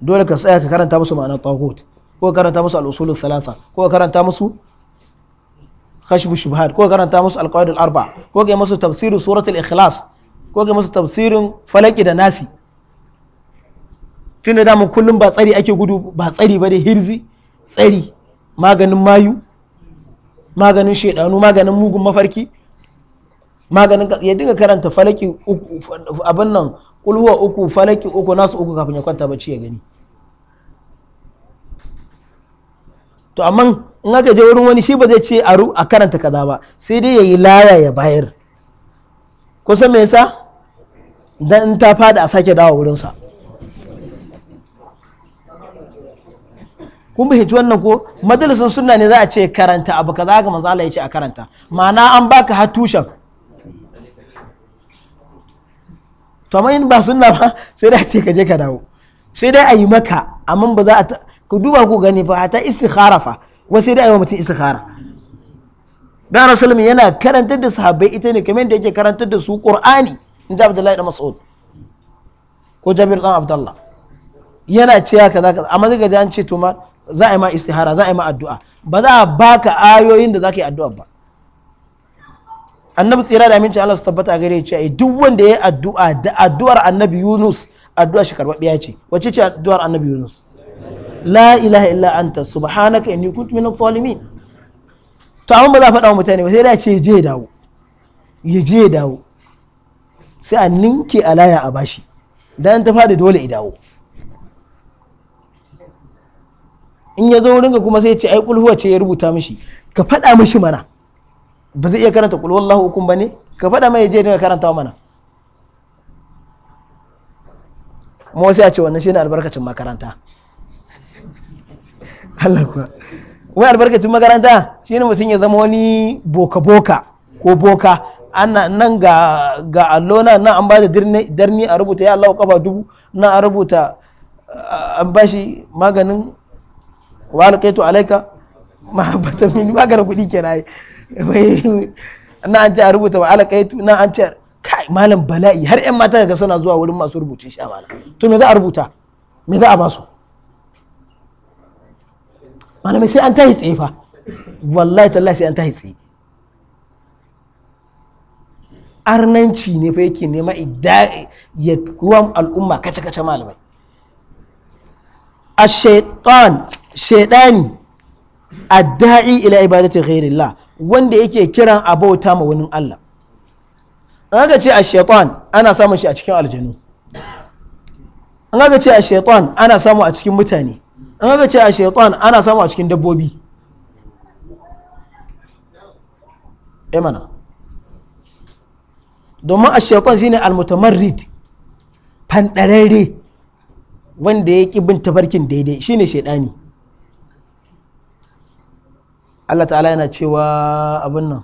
dole ka tsaya ka karanta musu ma'anar tawhut ko ka karanta musu al'usulul salasa ko ka karanta musu khashbu shubhat ko ka karanta musu alqaidul arba ko ka musu tafsirin suratul ikhlas ko ka musu tafsirin falaki da nasi tun da damun kullum ba tsari ake gudu ba tsari ba da hirzi tsari maganin mayu maganin shaidanu maganin mugun mafarki maganin ya dinga karanta falaki abin nan kulwa uku falaki uku nasu uku kafin ya kwanta bacci ya gani to amma in aka je wurin wani shi ba zai ce a karanta kaza ba sai dai yayi yi laya ya bayar kusan me yasa dan in ta fada a sake dawo wurinsa kun fahimci wannan ko madalisin sunna ne za a ce karanta abu kaza ga manzo Allah ya ce a karanta ma'ana an baka hatushan to amma in ba sunna ba sai dai a ce ka je ka dawo sai dai a yi maka amma ba za a ku duba ku gani ba ta istikhara fa wai sai dai a yi wa mutum istikhara dan rasulun yana karantar da sahabbai ita ne kamar da yake karantar da su qur'ani in da abdullahi da mas'ud ko jabir dan abdullah yana cewa kaza kaza amma zai ga an ce to ma za a yi ma istihara za a yi ma addu'a ba za a baka ayoyin da za ka yi addu'a ba annabi tsira da aminci Allah su tabbata gare ya ce eh, duk wanda ya addu'a da addu'ar annabi Yunus addu'a shi karɓaɓɓiya ce wacce ce addu'ar annabi Yunus la ilaha illa anta subhanaka inni kuntu minadh zalimin to amma ba za a faɗa wa mutane ba sai da ce je dawo ya je dawo sai a ninke alaya a bashi dan ta fada dole idawo dawo in ya zo wurin kuma sai ya ce ai kulhuwa ce ya rubuta mishi ka faɗa mishi mana ba zai iya karanta kul hukun hukum bane ka faɗa mai je ne karanta mana mu wasu a ce wannan ne albarkacin makaranta Allah kuwa wai albarkacin makaranta shi ne mutum ya zama wani boka boka ko boka ana nan ga ga allo na nan an ba da darni a rubuta ya Allah kafa dubu nan an rubuta an bashi maganin wa alqaitu alaika mahabbatan mini maganin kuɗi kenan na an ce a rubuta wa alaƙaitu na an ce kai malam bala'i har yan mata ga suna zuwa wurin masu rubutun sha mala to me za a rubuta me za a ba su malamai sai an tahi tsaye fa wallahi tallahi sai an tahi tsaye arnanci ne fa yake nema ya ruwan al'umma kace-kace malamai a shaitan shaidani adda'i ila ibadati ghairillah wanda yake kiran abauta ma wani Allah an ga ce a shaitan ana samun shi a cikin aljanu an ga ce a shaitan ana samu a cikin mutane an ga ce a shaitan ana samu a cikin dabbobi emana eh domin a shaitan shine almutamarrid fandararre wanda ya ƙi bin tafarkin daidai shine shaidani Allah ta'ala yana cewa abin nan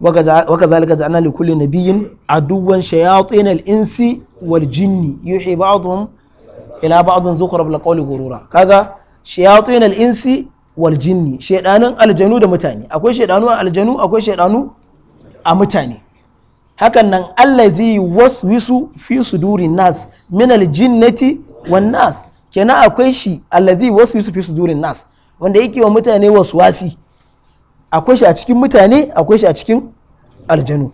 waka zalika ja'alna li kulli nabiyyin aduwwan shayatin al-insi wal jinni yuhi ba'dhum ila ba'dhin zukhrab al-qawli gurura kaga shayatin al-insi wal jinni shaydanan aljanu da mutane akwai shaydanu a aljanu akwai shaydanu a mutane hakan nan allazi waswisu fi sudurin nas min al-jinnati wan nas kenan akwai shi allazi waswisu fi sudurin nas wanda yake wa mutane wasi. akwai shi a cikin mutane akwai shi a cikin aljanu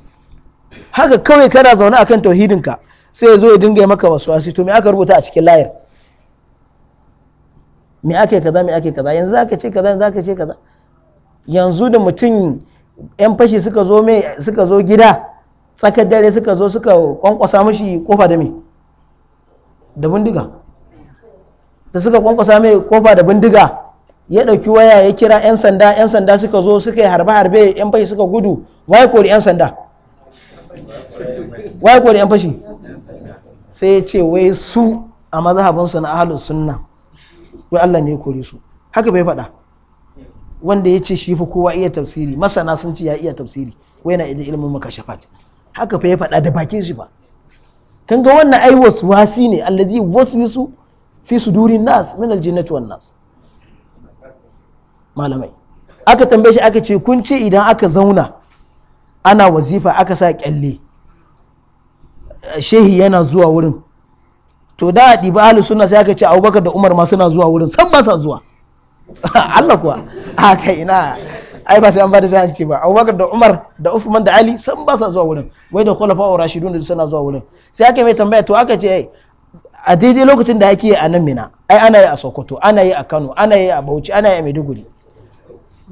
haka kawai kana zaune akan tauhidinka sai ya zo ya dinga maka waswasi to me aka rubuta a cikin layar me ake kaza me ake kaza yanzu zaka ce kaza yanzu zaka ce kaza yanzu da mutum yan fashi suka zo me suka zo gida tsakar dare suka zo suka kwankwasa mashi kofa da me da bindiga da suka kwankwasa mai kofa da bindiga ya ɗauki waya ya kira 'yan sanda 'yan sanda suka zo suka yi harbe-harbe 'yan fashi suka gudu waye kori 'yan sanda waye kori 'yan fashi sai ya ce wai su a mazhabinsu na ahalus sunna wai Allah ne ya kori su haka bai faɗa wanda ya ce shi fa kowa iya tafsiri masana sun ce ya iya tafsiri wai na da ilimin makashafat haka fa ya faɗa da bakin shi ba kan ga wannan ai wasu wasi ne alladhi wasu yusu fi sudurin nas min aljinnati wan nas malamai aka tambaye shi aka ce kun ce idan aka zauna ana wazifa aka sa kyalle shehi yana zuwa wurin to da a ɗiba ahalus suna sai aka ce abubakar da umar ma suna zuwa wurin san ba sa zuwa Allah kuwa a yi ina ai ba sai an bada sai ce ba abubakar da umar da ufman da ali san ba sa zuwa wurin wai da kwalafa wa rashidun da suna zuwa wurin sai aka mai tambaya to aka ce a daidai lokacin da ake yi a nan mina ai ana yi a sokoto ana yi a kano ana yi a bauchi ana yi a maiduguri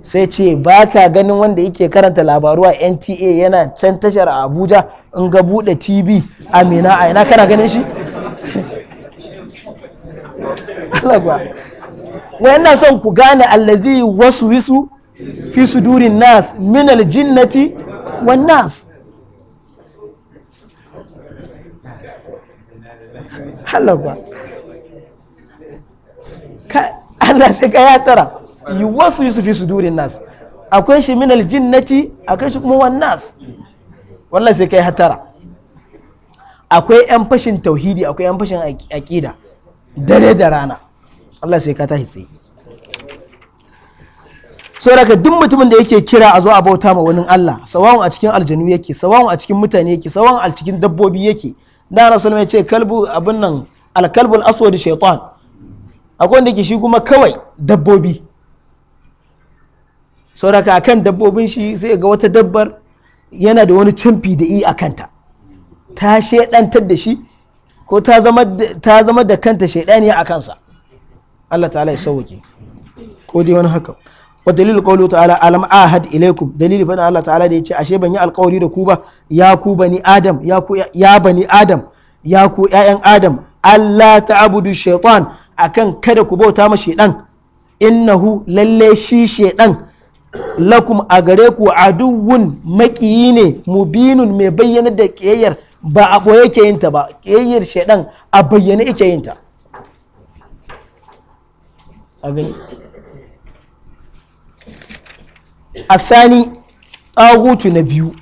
sai ce ba ka ganin wanda yake karanta labaru a nta yana can tashar a abuja in ga bude tv amina a ina kana ganin shi wa ina son ku gane allazi wasu wisu fi sudurin nas min aljinnati wan nas Allah sai ka ya tara yuwasu yusuf fi durin nas akwai shi min a akwai shi kuma wan nas wallahi sai kai hatara akwai yan fashin tauhidi akwai yan fashin aqida dare da rana Allah sai ka tashi tsaye so daga duk mutumin da yake kira a zo a bauta ma wani Allah sawawan a cikin aljanu yake sawawan a cikin mutane yake sawawan a cikin dabbobi yake da rasul ya ce kalbu abin nan alkalbul aswad shaitan akwai wanda ke shi kuma kawai dabbobi sauraka akan dabbobin shi sai ga wata dabbar yana da wani camfi da iya kanta ta shaidantar da shi ko ta zama da kanta shaidani a kansa Allah ta'ala ya sauke ko dai wani haka wa dalilu qawli ta'ala alam ahad ilaikum dalili fa Allah ta'ala da yace ashe ban yi alƙawari da ku ba ya ku bani adam ya ku ya bani adam ya ku ƴaƴan adam Allah ta'budu shaytan akan kada ku bauta ma shaidan innahu lalle shi shaidan lakum a gare ku aduwun maƙiyi ne mubinun mai bayyana da ƙiyayyar ba a ɓoye ke yin ba ƙiyayyar shaidan a bayyane yake yin a sani ɗagutu na biyu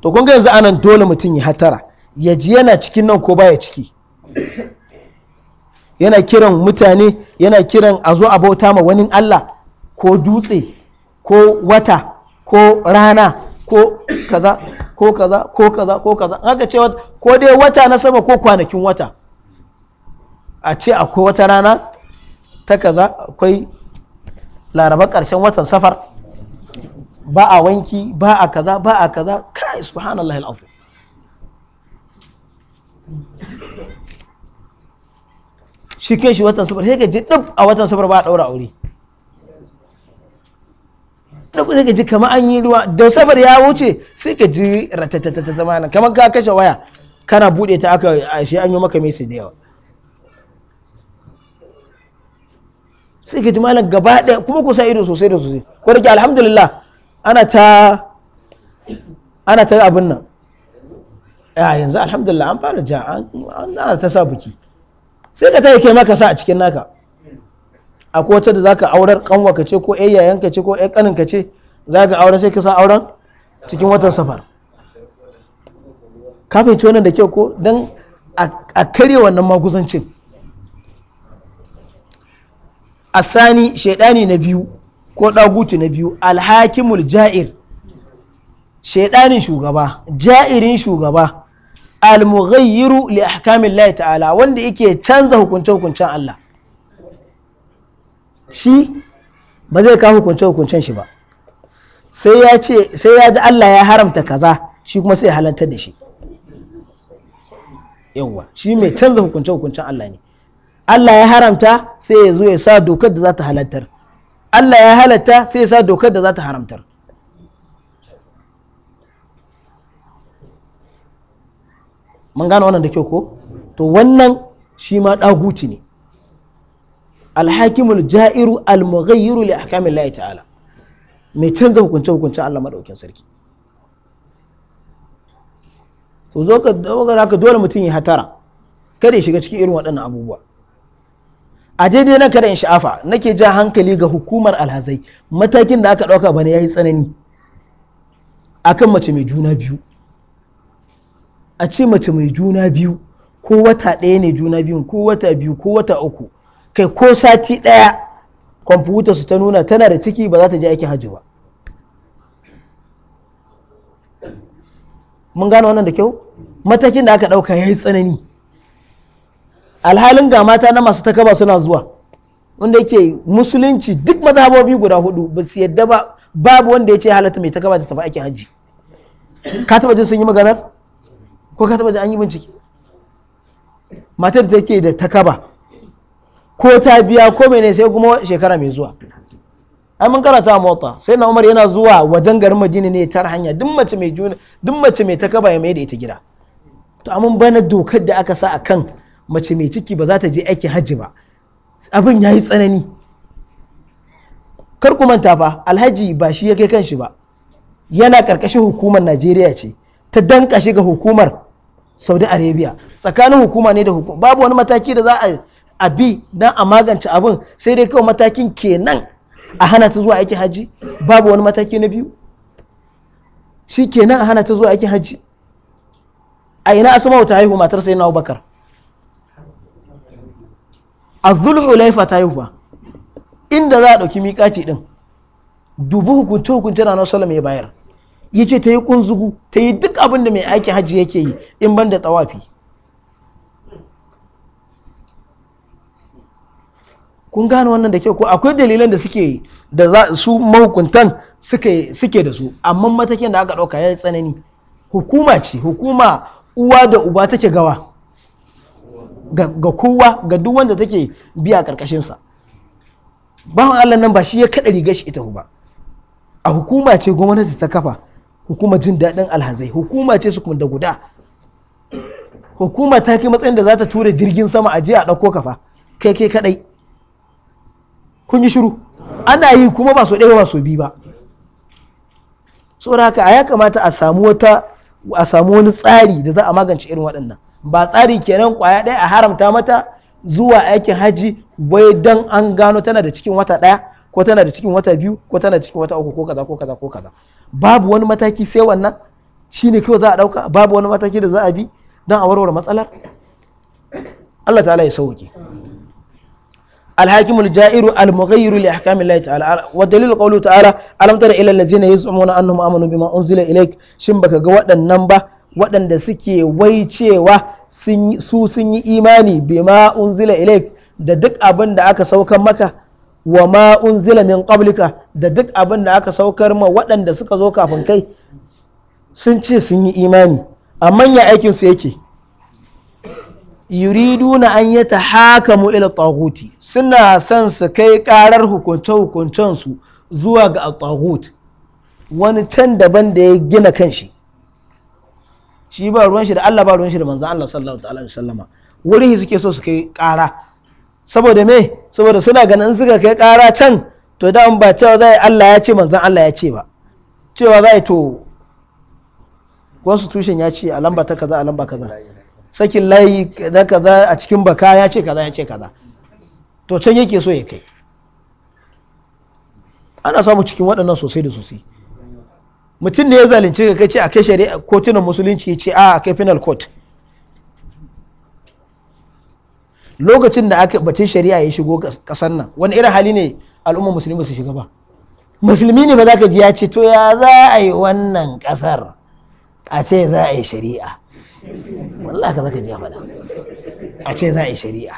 to kun yanzu anan dole mutum ya hatara ya ji yana cikin nan ko baya ciki yana kiran mutane yana kiran a zo a bauta ma wani Allah ko dutse ko wata ko rana ko kaza ko kaza ko kaza ko kaza haka ce ko dai wata na sama ko kwanakin wata a ce akwai wata rana ta kaza akwai laraba ƙarshen watan safar ba a wanki ba a kaza ba a kaza kai subhanallah al'afu shi kai shi watan safar sai ka ji duk a watan safar ba a ɗaura aure da zai ka ji kamar an yi ruwa da safar ya wuce sai ka ji ratatatata mana kamar ka kashe waya kana buɗe ta aka ashe an yi maka mai da yawa sai ka ji malam gaba ɗaya kuma ku sa ido sosai da sosai ko da alhamdulillah ana ta ana ta abin nan a yanzu alhamdulillah an fara ja an ta sa buki sai ka ta yake maka sa a cikin naka A wata da zaka aurar ka ce ko yayan ka ce ko ƴar ka ce zaka auren sai ka sa auren cikin watan safar ka fahimci wannan da kyau ko don a karya wannan maguzancin Sani, shaidani na biyu ko dagutu na biyu alhakimul ja'ir shaidanin shugaba ja'irin shugaba almughayyiru li ahkamillahi ta'ala wanda yake canza hukunce hukuncen Allah shi ba zai kawo hukunce hukuncen shi ba sai ya ce sai ya ji Allah ya haramta kaza shi kuma sai ya halantar da shi yawa shi mai canza hukunce hukuncen Allah ne Allah ya haramta sai ya zo ya sa dokar da za ta halantar Allah ya halatta sai ya sa dokar da za ta haramtar mun gano wannan da kyau ko to wannan shi ma ɗaguci ne alhakimul ja'iru almughayyiru li ahkamin lahi ta'ala mai canza hukunce hukunce Allah madaukin sarki to zo ka dole mutum ya hatara kada ya shiga cikin irin waɗannan abubuwa a daidai na kada in sha'afa nake ja hankali ga hukumar alhazai matakin da aka ɗauka bane ya yi tsanani akan mace mai juna biyu a ce mace mai juna biyu ko wata ɗaya ne juna biyun ko wata biyu ko wata uku kai ko sati ɗaya kwamfuta su ta nuna tana da ciki ba za ta je aikin hajji ba mun gane wannan da kyau matakin da aka ɗauka ya yi tsanani alhalin ga mata na masu takaba suna zuwa wanda yake musulunci duk mazhabobi guda hudu ba su yadda ba babu wanda ya ce halatta mai takaba da tafi aikin hajji ka taba jin sun yi maganar ko ka taba jin an yi bincike matar da take da takaba ko ta biya ko mene sai kuma shekara mai zuwa ai mun karanta mota sai na umar yana zuwa wajen garin madina ne tar hanya duk mace mai juna duk mace mai ta kaba ya mai da ita gida to amun bana dokar da aka sa akan mace mai ciki ba za ta je aiki hajji ba abin yayi tsanani kar ku manta fa alhaji ba shi ya kai kanshi ba yana karkashin hukumar Najeriya ce ta danka shi ga hukumar Saudi Arabia tsakanin hukuma ne da hukuma babu wani mataki da za a a bi don a magance abin sai dai kawai matakin kenan a hana ta zuwa aikin hajji babu wani mataki na biyu shi kenan a hana ta zuwa aikin hajji a ina sama ta haihu matar sai na bakar a zulhu laifa ta haihu inda za a ɗauki miƙaci ɗin dubu hukunce hukunce na nasarar ya bayar ya ce ta yi kunzugu ta yi duk abin da mai aikin hajji yake yi in ban da tawafi kun gane wannan da kyau ko akwai dalilan da suke da su mahukuntan suke da su amma matakin da aka ɗauka ya yi tsanani hukuma ce hukuma uwa da uba take gawa ga kowa ga duk wanda take biya ƙarƙashinsa bawan allah nan ba shi ya kaɗa rigar shi ita ba a hukuma ce gwamnati ta kafa hukuma jin daɗin alhazai hukuma ce su kuma da guda hukuma ta kai matsayin da za ta tura jirgin sama a je a ɗauko kafa kai kai kaɗai kun yi shiru ana yi kuma ba so ɗaya ba so biyu ba saboda haka a ya kamata a samu wata a samu wani tsari da za a magance irin waɗannan ba tsari kenan kwaya ɗaya a haramta mata zuwa aikin hajji wai dan an gano tana da cikin wata ɗaya ko tana da cikin wata biyu ko tana da cikin wata uku ko kaza ko kaza ko kaza babu wani mataki sai wannan shine kawai za a ɗauka babu wani mataki da za a bi dan a warware matsalar Allah ta'ala ya sauke الحاكم الجائر المغير لأحكام الله تعالى والدليل قوله تعالى ألم تر إلى الذين يزعمون أنهم آمنوا بما أنزل إليك ga waɗannan ba waɗanda suke wai cewa su sun yi imani bima unzila ilaik da duk abin da aka saukar maka wa ma unzila min qablika da duk abin da aka saukar ma waɗanda suka zo kafin kai sun ce sun yi imani amma ya aikin su yake yuriduna an yi ta mu ila tsaguti suna son su kai karar hukunce-hukuncensu zuwa ga tagut wani can daban da ya gina kanshi shi ba ruwan shi da Allah ba ruwan shi da manzan Allah sallallahu ta'ala da sallama wurin suke so su kai kara saboda me saboda suna ganin suka kai kara can to da ba cewa zai Allah ya ce manzan Allah ya ce ba cewa zai to constitution ya ce a lamba ta kaza a lamba kaza sakin layi na kaza a cikin baka ya ce kaza ya ce kaza to can yake so ya kai ana samu cikin waɗannan sosai da sosai mutum ne ya zalunci ka kai ce a kai shari'a kotunan musulunci ce a kai penal court lokacin da aka batun shari'a ya shigo kasar nan wani irin hali ne al'ummar musulmi su shiga ba musulmi ne ba za ka ji ya ce to ya za a yi wannan kasar a ce za a yi shari'a wallah ka zaka je faɗa a ce za a yi shari'a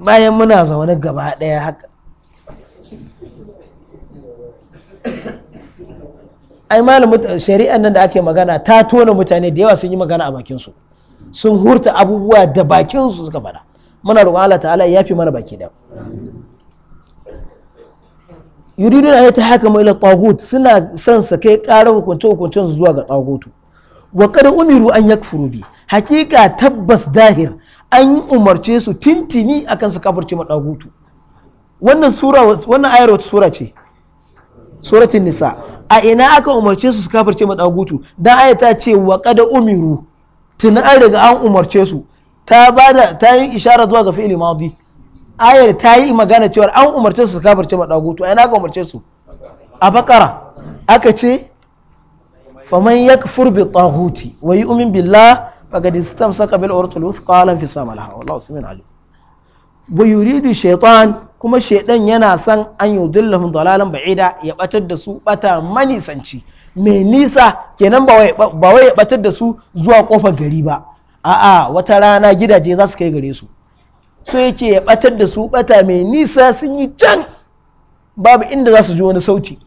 bayan muna zaune gaba ɗaya haka ai malamin shari'an nan da ake magana ta tona mutane da yawa sun yi magana a bakinsu sun hurta abubuwa da bakinsu suka faɗa muna roƙon Allah ta'ala ya fi mana baki da na ya ta haka mai tagut suna son sa kai ƙarar hukunce hukuncen zuwa ga tagutu wa kada umiru an yakfuru bi hakika tabbas dahir an yi umarce su tintini akan su kafirce ma tagutu wannan sura wannan ayar wata sura ce suratul nisa a ina aka umarce su su kafirce ma tagutu dan aya ta ce wa kada umiru tun an riga an umarce su ta bada ta yi isharar zuwa ga fi'il madi ayar ta yi magana cewa an umarce su kafirce ma dagutu ai na ga umarce su a bakara aka ce faman yakfur bi tahuti wa yu'min billah faqad istamsaka bil urwatil wuthqa fi fisama laha wallahu samiun alim bu yuridu shaytan kuma shaydan yana san an yudillahum dalalan ba'ida ya batar da su bata manisanci mai nisa kenan ba wai ya batar da su zuwa kofar gari ba a'a wata rana gidaje za su kai gare su so yake ya batar da su bata mai nisa sun yi can babu inda za su ji wani sauti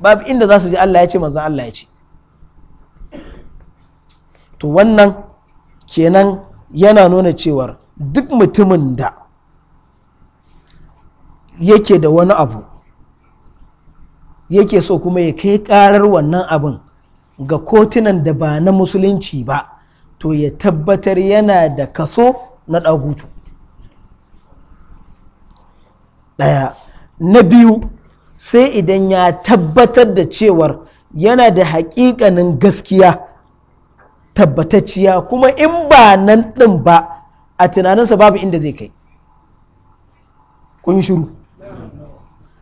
babu inda za su ji Allah ya ce manzan Allah ya ce to wannan kenan yana nuna cewar duk mutumin da yake da wani abu yake so kuma ya kai karar wannan abin ga kotunan da ba na musulunci ba to ya tabbatar yana da kaso na ɗagutu ɗaya na biyu sai idan ya tabbatar da cewar yana da haƙiƙanin gaskiya tabbatacciya kuma in ba nan ɗin ba a tunaninsa babu inda zai kai kun shiru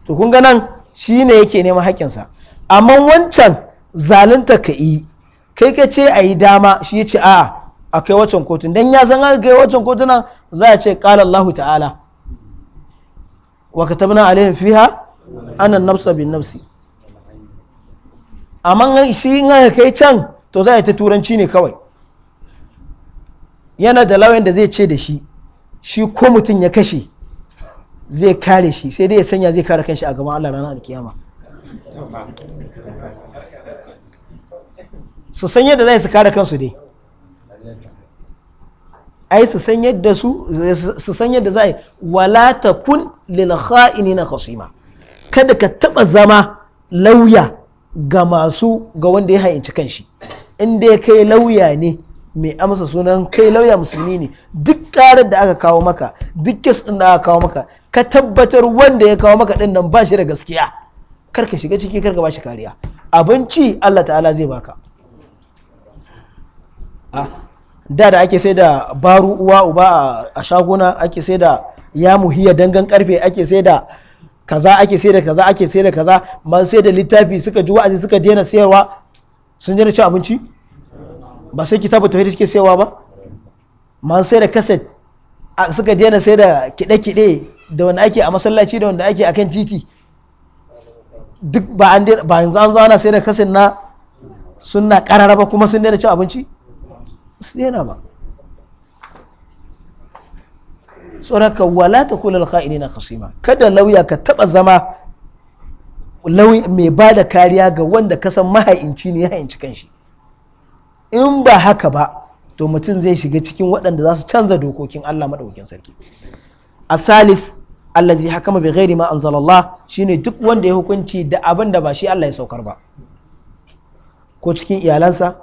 to kun nan shi ne yake neman haƙƙinsa amma wancan zalunta ka yi kai ka ce a yi dama shi ya ce a'a a kai waccan kotun dan ya san aka kai waccan kotunan za a ce qala Allah ta'ala wa katabna alaihim fiha anna nafsa bin nafsi amma shi in aka kai can to za a ta turanci ne kawai yana da lawan da zai ce da shi shi ko mutum ya kashe zai kare shi sai dai ya sanya zai kare kanshi a gaban Allah ranar alkiyama su san yadda zai su kare kansu dai ai su san yadda su su san yadda za a yi wala kun lil na khasima kada ka taba zama lauya ga masu ga wanda ya hayanci kanshi in dai kai lauya ne mai amsa sunan kai lauya musulmi ne duk karar da aka kawo maka duk kes din da aka kawo maka ka tabbatar wanda ya kawo maka din nan ba shi da gaskiya kar ka shiga ciki kar ka bashi kariya abinci Allah ta'ala zai baka ah. da da ake sai da baru uwa uba a shaguna ake sai da ya muhiya dangan karfe ake sai da kaza ake sai da kaza ake sai da kaza man sai da littafi suka ji wa'azi suka daina sayarwa sun daina cin abinci ba sai kitabu tauhid suke sayarwa ba man sai da kaset suka daina sai da kide-kide da wanda ake a masallaci da wanda ake akan titi duk ba yanzu an zo ana sai da kaset na sunna karara ba kuma sun daina cin abinci su ba tsoraka wala ta kula alkha'ini na khasima kada lauya ka taba zama mai ba da kariya ga wanda kasan maha'inci ne ya ha'inci kanshi in ba haka ba to mutum zai shiga cikin waɗanda za su canza dokokin Allah maɗaukin sarki a salis allazi hakama bi ghairi ma anzalallah shine duk wanda ya hukunci da abin da ba shi Allah ya saukar ba ko cikin iyalansa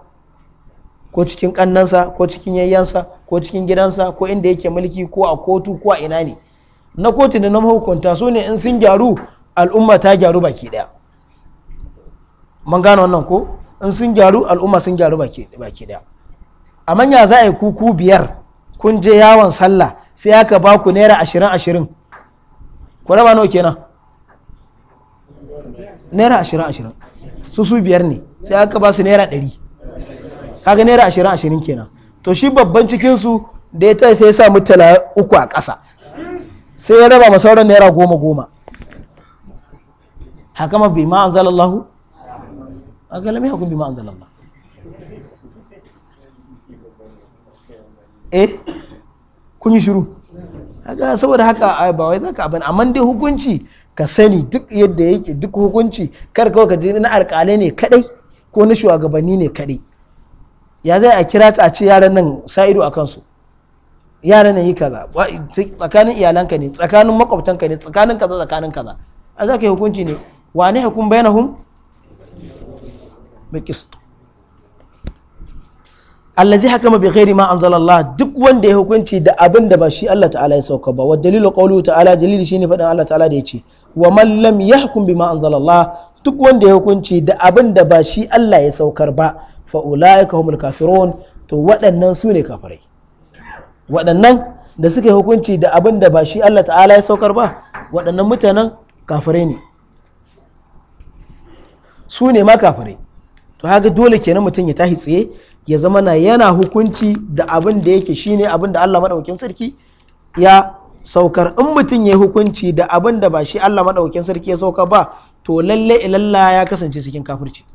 ko cikin kannansa ko cikin yayyansa ko cikin gidansa ko inda yake mulki ko a kotu ko a ina ne na kotu da na mahukunta su ne in sun gyaru al'umma ta gyaru baki daya man gane wannan ko in sun gyaru al'umma sun gyaru baki daya a manya za a yi kuku biyar kun je yawon sallah sai aka ba ku naira ashirin ashirin ku raba nawa kenan naira ashirin ashirin su su biyar ne sai aka ba su naira ɗari kaga naira ashirin ashirin kenan to shi babban cikinsu da ya ta sai ya sa mutala uku a ƙasa sai ya raba ma sauran naira goma goma ma bi ma anzalallahu a ga lamai hakun bi ma anzalallahu eh kun yi shiru haka saboda haka ba wai zaka abin amma dai hukunci ka sani duk yadda yake duk hukunci kar kawai ka ji na alƙalai ne kadai ko na shugabanni ne kadai ya zai a kira ka a ce yaran nan sa ido a kansu yaran nan yi kaza tsakanin iyalanka ne tsakanin makwabtanka ne tsakanin kaza tsakanin kaza a za ka yi hukunci ne wa ne hukum hun bi qist allazi hakama bi ghairi ma anzalallah duk wanda ya hukunci da abin da ba shi Allah ta'ala ya sauka ba wa dalilu qawluhu ta'ala dalili shine faɗin Allah ta'ala da yace wa man lam yahkum bima anzalallah duk wanda ya hukunci da abin da ba shi Allah ya saukar ba fa’ula’ika ulaika humul kafirun to waɗannan su ne kafirai waɗannan da suke hukunci da abin da ba shi Allah ta'ala ya saukar ba waɗannan mutanen kafirai ne su ne ma kafirai to haka dole kenan mutum ya tashi tsaye ya zama na yana hukunci da abin da yake ne abin da Allah maɗaukin sarki ya saukar in mutum ya hukunci da abin da ba shi Allah maɗaukin sarki ya saukar ba to lalle ilalla ya kasance cikin kafirci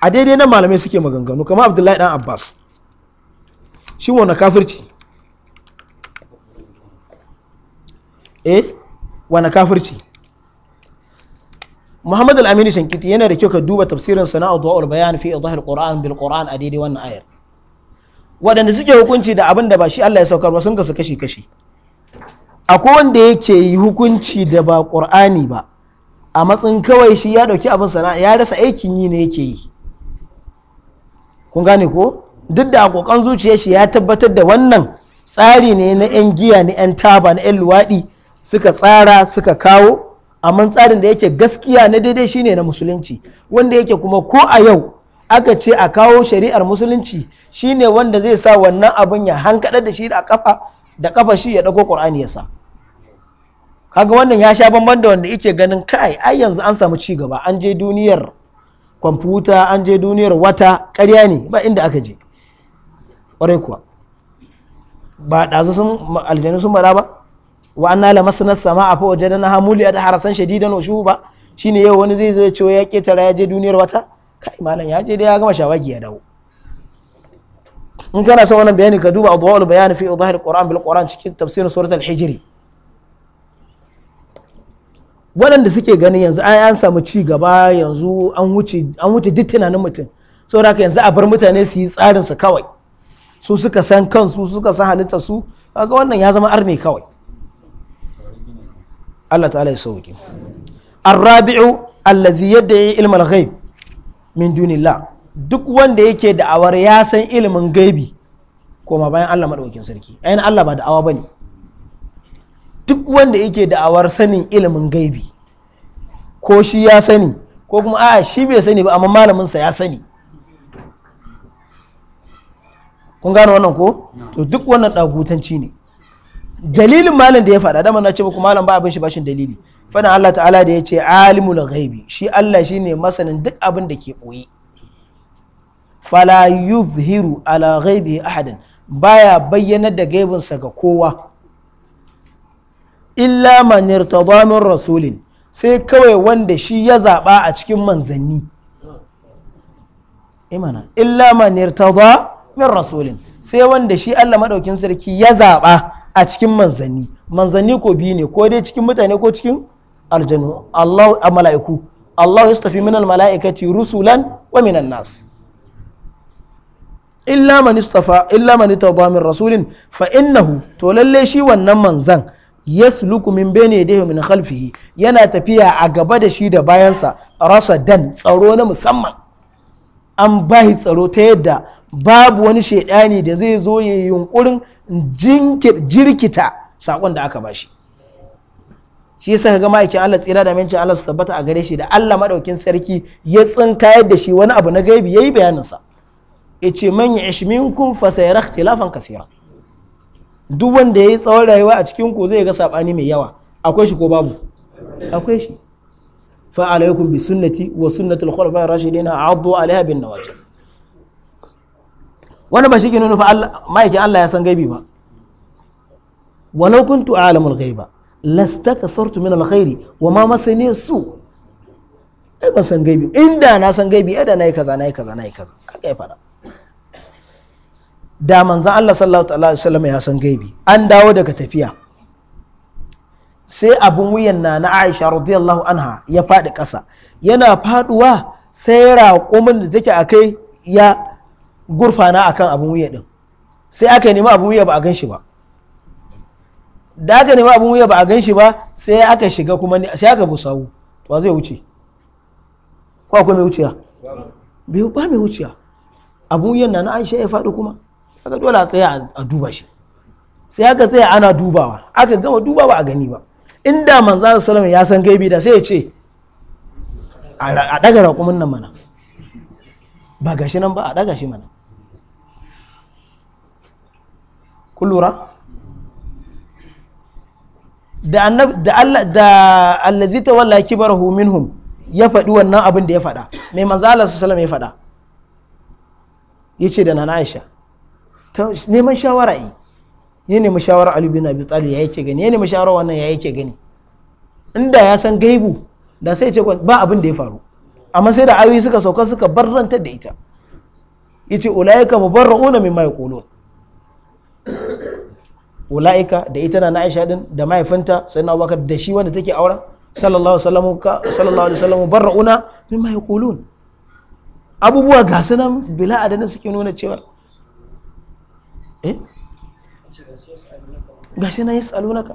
a daidai nan malamai suke maganganu kamar abdullahi dan abbas shi wani kafirci eh wani kafirci muhammad al-amini shankiti yana da kyau ka duba tafsirin sana'ar du'a'ul bayan fi idahil qur'an bil qur'an a daidai wannan ayar waɗanda suke hukunci da abin da ba shi Allah ya saukar ba sun kasu kashi kashi akwai wanda yake yi hukunci da ba ƙur'ani ba a matsin kawai shi ya ɗauki abin sana'a ya rasa aikin yi ne yake yi kun gane ko duk da akokan zuciyar shi ya tabbatar da wannan tsari ne na 'yan giya na 'yan taba na 'yan luwaɗi suka tsara suka kawo amma tsarin da yake gaskiya na daidai shine na musulunci wanda yake kuma ko a yau aka ce a kawo shari'ar musulunci shine wanda zai sa wannan abin ya hankaɗar da shi da kafa da kafa shi ya ɗauko ƙur'ani ya sa kaga wannan ya sha bamban da wanda yake ganin kai ai yanzu an samu ci gaba an je duniyar kwamfuta an je duniyar wata karya ne ba inda aka je ƙwarai kuwa ba ɗazu sun aljanu sun bada ba wa an nala masanar sama a fawaje da na hamuli a harasan shadidan ushu ba shine yau wani zai zo ya ya ketara ya je duniyar wata kai malam ya je da ya gama shawagi ya dawo in kana son wannan bayani ka duba adwaul bayani fi a qur'an bil qur'an cikin tafsirin surat hijiri. waɗanda suke gani yanzu ai an samu ci gaba yanzu an wuce an duk tunanin mutum saboda haka yanzu a bar mutane su yi tsarin su kawai su suka san kansu suka san halittar su kaga wannan ya zama arne kawai Allah ta'ala ya sauke الرابع الذي يدعي ilmal ghaib min duni duk wanda yake da'awar ya san ilimin gaibi koma bayan Allah madaukakin sarki ayin Allah ba da'awa bane duk wanda yake da'awar sanin ilimin gaibi ko shi ya sani ko kuma a shi bai sani ba amma malaminsa ya sani kun gane wannan ko to duk wannan dagutanci ne dalilin malam da ya faɗa dama na ce muku malam ba abin shi bashin dalili faɗin Allah ta'ala da ya ce alimul ghaibi shi Allah shi ne masanin duk abin da ke ɓoye fala yuzhiru ala ghaibi ahadan baya bayyanar da gaibinsa ga kowa illa man irtada rasulin sai kawai wanda shi ya zaɓa a cikin manzanni imana eh illa man irtada rasulin sai wanda shi Allah maɗaukin sarki ya zaɓa a cikin manzanni manzanni ko biyu ne ko dai cikin mutane ko cikin aljanu Allah a mala'iku Allah ya stafi minal mala'ikati rusulan wa minan nas illa man istafa illa man rasulin fa innahu to lalle shi wannan manzan yasluku min bene da min khalfihi yana tafiya a gaba da shi da bayansa rasa dan tsaro na musamman an bahi tsaro ta yadda babu wani shaidani da zai zo ya yunkurin jirkita sakon da aka bashi shi yasa ga ma'aikin Allah tsira da mincin Allah su tabbata a gare shi da Allah madaukin sarki ya tsinkayar da shi wani abu na gaibi yayi bayanin sa yace man ya ishmin fa sayara ikhtilafan kathira duk wanda ya yi tsawon rayuwa a cikin ku zai ga sabani mai yawa akwai shi ko babu akwai shi fa alaikum bi sunnati wa sunnatul al-khulafa ar-rashidin abu alaiha bin nawajif wani ba shi ke nuna Allah ma'aikin Allah ya san gaibi ba walau kuntu a'lamul ghaiba lastakathartu min alkhairi wa ma masani su ai ban san gaibi inda na san gaibi ai da nayi kaza nayi kaza nayi kaza haka fara da manzan Allah sallallahu wasallam ya san gaibi an dawo daga tafiya sai abin wuyan na na Aisha radiyallahu anha ya faɗi ƙasa yana faɗuwa sai raƙumin da take a kai ya gurfana a kan abin wuya din sai aka nemi abin wuya ba a gan shi ba da aka nemi abin wuya ba a gan shi ba sai aka shiga kuma sai aka busawu Wa zai wuce ko akwai mai wuciya ba mai wuciya abun wuyan na na Aisha ya faɗi kuma kaga dole a tsaya a duba shi sai aka tsaya ana dubawa aka gama duba ba a gani ba inda manzan salam ya san gaibi da sai ya ce a daga raƙumin nan mana ba gashi nan ba a daga shi mana kullura da annab da Allah da allazi tawalla kibarahu minhum ya faɗi wannan abin da ya faɗa mai manzo Allah sallallahu alaihi wasallam ya faɗa yace da nana Aisha neman shawara yi ya nemi shawarar Ali bin Abi Talib ya yake gani ya nemi shawarar wannan ya yake gani inda ya san gaibu da sai ce ba abin da ya faru amma sai da ayoyi suka sauka suka barranta da ita yace ulaika mubarrauna mimma yaqulun ulaika da ita na Aisha din da mahaifinta na Abubakar da shi wanda take aura sallallahu alaihi sallallahu alaihi wasallam mubarrauna mimma yaqulun abubuwa ga sunan bila adana suke nuna cewa Eh? gashi na yas'alunaka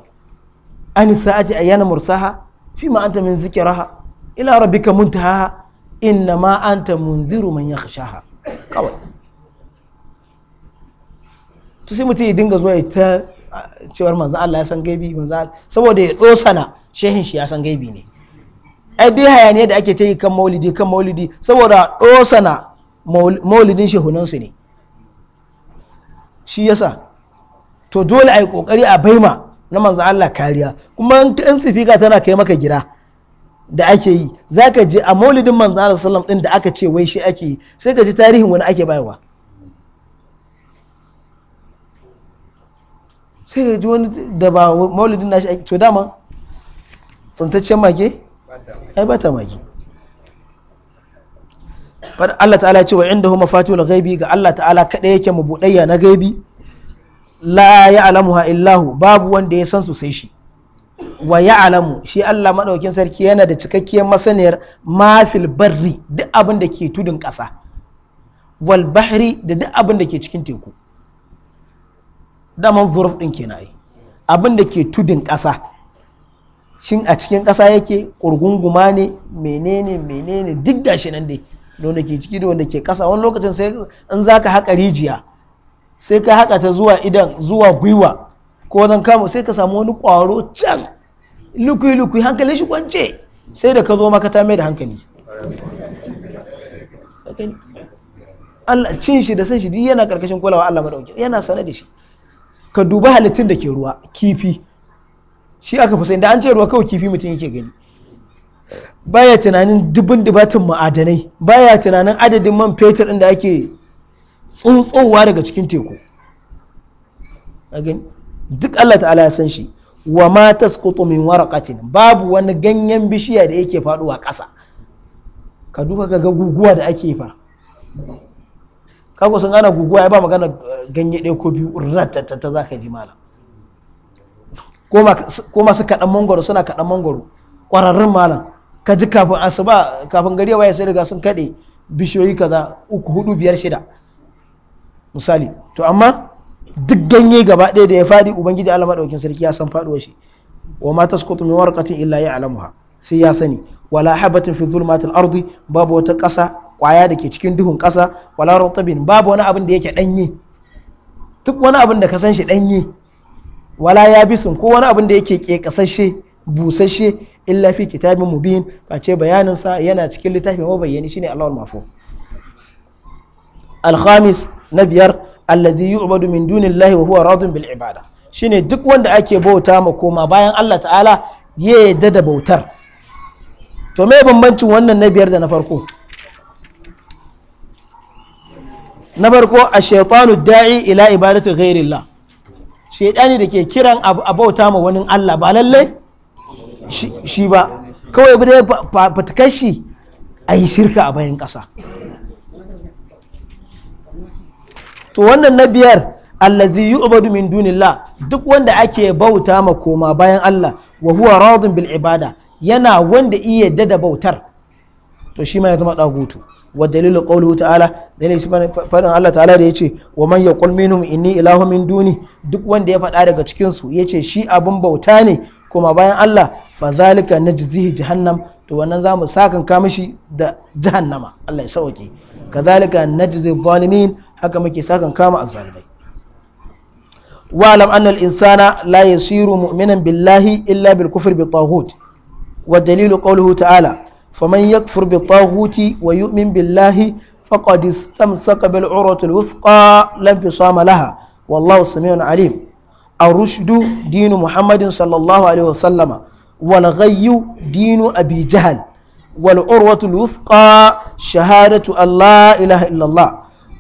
an sa'ati ayyana mursaha fi ma anta min zikraha ila rabbika muntaha inna ma anta munziru man yakhshaha kawai to sai mutum ya dinga zuwa ta cewar manzo Allah ya san gaibi manzo saboda ya dosana shehin shi ya san gaibi ne ai dai hayaniya da ake ta yi kan maulidi kan maulidi saboda dosana maulidin shehunansu ne shi yasa to dole a yi kokari a baima na manzan Allah kariya kuma in sifika tana kai maka gida da ake yi za ka je a maulidin manzan Allah sallam din da aka ce wai shi ake yi sai ka ji tarihin wani ake bayarwa sai ka ji wani da ba maulidin nashi to dama tsantaccen mage ai ba ta mage Allah ta'ala ya ce wa indahu mafatihul ghaibi ga Allah ta'ala kada yake mabudayya na gaibi la ya'lamuha illahu babu wanda ya san su sai shi wa ya'lamu shi Allah madaukin sarki yana da cikakkiyar masaniyar mafil barri duk abin da ke tudun ƙasa wal bahri da duk abin da ke cikin teku daman zurf din kenan ai abin da ke tudun ƙasa shin a cikin ƙasa yake ƙurgunguma ne menene menene duk gashi nan dai da wanda ke ciki da wanda ke kasa, wani lokacin sai in za ka haƙa rijiya sai ka haƙa ta zuwa idan zuwa gwiwa ko wajen kama sai ka samu wani kwaro can lukui-lukui hankali shi kwance sai da ka zo makata mai da hankali Allah cin shi da san shi yana karkashin kulawa Allah madauki yana sane da shi ka duba halittun da ke ruwa kifi shi aka fi sai da an ce ruwa kawai kifi mutum yake gani baya tunanin dubin dubatin ma'adanai baya tunanin adadin man fetur ɗin da ake tsuntsowa daga cikin teku duk Allah ta'ala ya san shi wa ma tasqutu min waraqatin babu wani ganyen bishiya da yake faduwa ƙasa ka duba ga guguwa da ake fa kago sun ana guguwa ya ba magana eh, ganye ɗaya ko biyu ratatata za ka ji malam ko masu kaɗan mangoro suna kaɗan mangoro ƙwararrun malam ka ji kafin asuba kafin gari waye sai riga sun kaɗe bishiyoyi kaza uku hudu biyar shida misali to amma duk ganye gaba ɗaya da ya faɗi ubangiji Allah madaukin sarki ya san faɗuwa shi wa ma tasqutu min warqatin illa ya'lamuha sai ya sani wala habatin fi zulmatil ardi babu wata ƙasa kwaya da ke cikin duhun ƙasa wala rutabin babu wani abin da yake ɗanye duk wani abin da ka san shi ɗanye wala yabisin ko wani abin da yake ƙeƙasashe busasshe illa fi kitabin mubin face bayanin sa yana cikin littafi bayani shine al-mafuf al-khamis na biyar alladhi yu'badu min dunillahi wa huwa radun bil ibada shine duk wanda ake bauta ma koma bayan Allah ta'ala ya yadda da bautar to me bambancin wannan na biyar da na farko na farko a shaytanu da'i ila ibadati ghairillah shaitani da ke kiran abu a bauta ma wani Allah ba lallai? shi ba kawai bude fatakar shi a yi shirka a bayan ƙasa to wannan na biyar allazi yu'badu min dunillah duk wanda ake bauta ma koma bayan Allah wa huwa bil'ibada bil ibada yana wanda iya dada bautar to shi ma ya zama dagutu wa dalilu qawluhu ta'ala dalilin shi fadin Allah ta'ala da yace wa man yaqul minhum inni ilahu min duni duk wanda ya faɗa daga cikin su yace shi abun bauta ne kuma bayan Allah fa zalika najzihi jahannam to wannan zamu sakan ka mishi da jahannama Allah ya sauke kadhalika najzi zalimin haka muke sakan kama azzalimai insana la الإنسان لا يصير مؤمنا بالله bi بالكفر wa dalilu قوله ta'ala. فمن يكفر بالطاغوت ويؤمن بالله فقد استمسك بالعروة الوثقى لا انفصام لها والله سميع عليم الرشد دين محمد صلى الله عليه وسلم والغي دين أبي جهل والعروة الوثقى شهادة أن لا إله إلا الله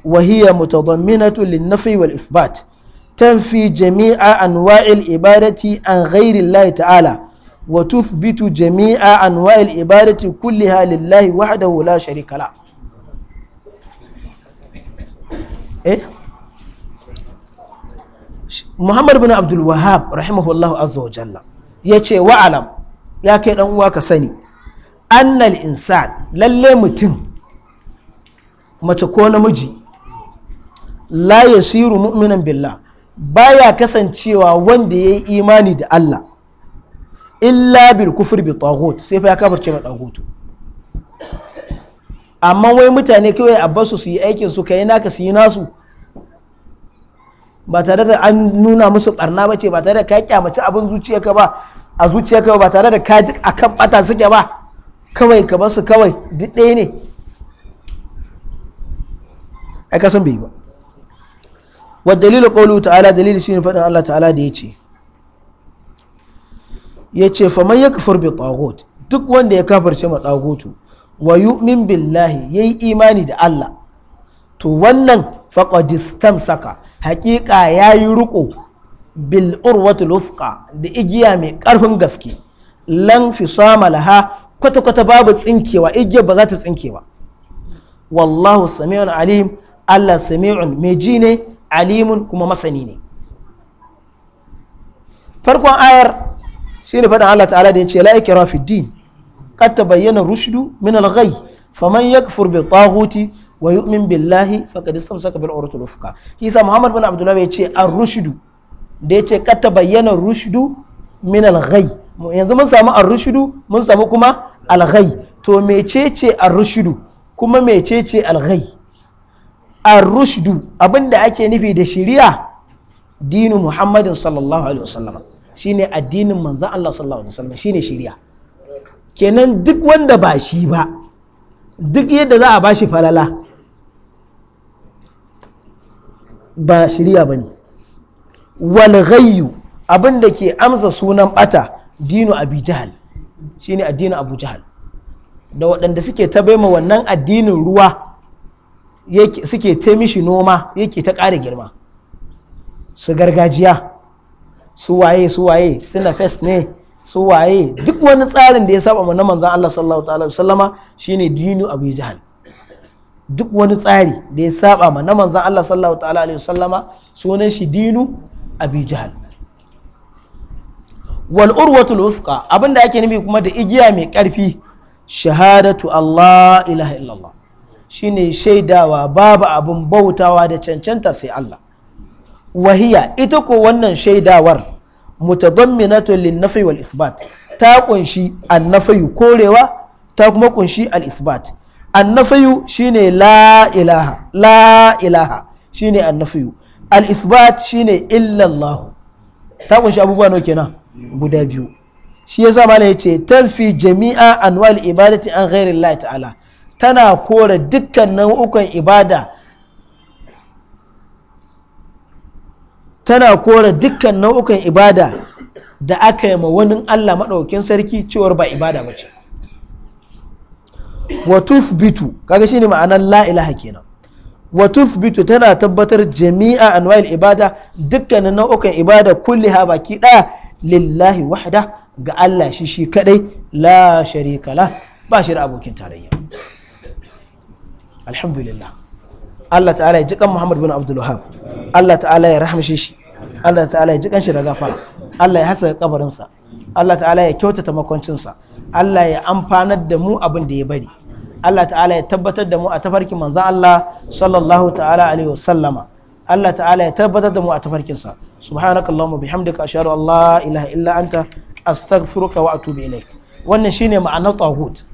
وهي متضمنة للنفي والإثبات تنفي جميع أنواع العبادة عن غير الله تعالى وتثبت جميع أنواع العبادة كلها لله وحده لا شريك له إيه؟ محمد بن عبد الوهاب رحمه الله عز وجل يتشي وعلم يا كي أنوا كسني أن الإنسان للي متن ما تكون مجي لا يصير مؤمنا بالله baya kasancewa wanda ya yi imani da Allah illa bil kufur bi taghut sai fa ya kafirce ma taghut amma wai mutane kawai a basu su yi aikin su kai naka su yi nasu ba tare da an nuna musu barna ba ce ba tare da ka kyamaci abin ka ba a zuciya ka ba tare da ka ji akan bata suke ba kawai ka basu kawai duk ɗaya ne ai ka san bai ba wa dalilu qawlu ta'ala dalili shine faɗin Allah ta'ala da yace ce ya ce faman ya kafar bi tagut duk wanda ya kafarce ma tagutu wa yu'min billahi yayi imani da Allah to wannan faqad saka haƙiƙa yayi ruku bil urwatul ufqa da igiya mai ƙarfin gaske lan fisama laha kwata kwata babu tsinkewa igiya ba za ta tsinkewa wallahu sami'un alim Allah sami'un mai ji ne alimun kuma masani ne farkon ayar shi ne faɗin Allah ta'ala da ya ce la ikra fi din qad bayyana rushdu min al-ghay faman yakfur bi taghuti wa yu'min billahi faqad istamsaka bil urwatil wuthqa isa muhammad bin abdullah ya ce ar-rushdu da ya ce qad tabayyana rushdu min al-ghay yanzu mun samu ar-rushdu mun samu kuma al-ghay to mecece ar-rushdu kuma mecece al-ghay ar-rushdu abinda ake nufi da shari'a dinu muhammadin sallallahu alaihi wasallam shine addinin manzan Allah sallallahu alaihi wasallam shine shari'a kenan duk wanda ba shi ba duk yadda za a ba shi falala ba shari'a ba ne walghayu abin da ke amsa sunan bata dinu abi jahal shine addinin abu jahal da waɗanda suke ta baima wannan addinin ruwa suke ta mishi noma yake ta ƙara girma su gargajiya su waye su waye suna fes ne su waye duk wani tsarin da ya saba mana manzan Allah sallallahu alaihi wasallama shine dinu abu jahal duk wani tsari da ya saba mana manzan Allah sallallahu alaihi sallama sunan shi dinu abu jahal wal urwatul wufqa abinda ake nufi kuma da igiya mai karfi shahadatu Allah ilaha illallah shine shaidawa babu abin bautawa da cancanta sai Allah wahiya ita ko wannan shaidawar mutadamminatun linnafi wal isbat ta kunshi annafayu korewa ta kuma kunshi al isbat annafayu shine la ilaha la ilaha shine annafayu al isbat shine illallah ta kunshi abubuwa nawa kenan guda biyu shi yasa malam yace tanfi jami'a anwal ibadati an ghairi Allah ta'ala tana kore dukkan nau'ukan ibada tana kora dukkan nau'ukan ibada da aka yi ma wani Allah maɗaukin sarki cewar ba ibada ba ce wa kaga shine ma'anar la kenan tana tabbatar jami'a anwa'il ibada dukkan nau'ukan ibada kulliha baki daya lillahi wahda ga Allah shi shi kadai la sharika ba shi da abokin tarayya alhamdulillah Allah ta'ala ya jikan Muhammad bin Abdul Wahab Allah ta'ala ya rahamshe shi Allah ta'ala ya jikan shi da gafara Allah ya hasa kabarinsa Allah ta'ala ya kyautata sa Allah ya amfanar da mu abin da ya bari Allah ta'ala ya tabbatar da mu a tafarkin manzan Allah sallallahu ta'ala alaihi wasallama Allah ta'ala ya tabbatar da mu a tafarkinsa subhanakallahumma bihamdika an Allah ilaha illa anta astaghfiruka wa atubu ilaik wannan shine ma'anar tawhid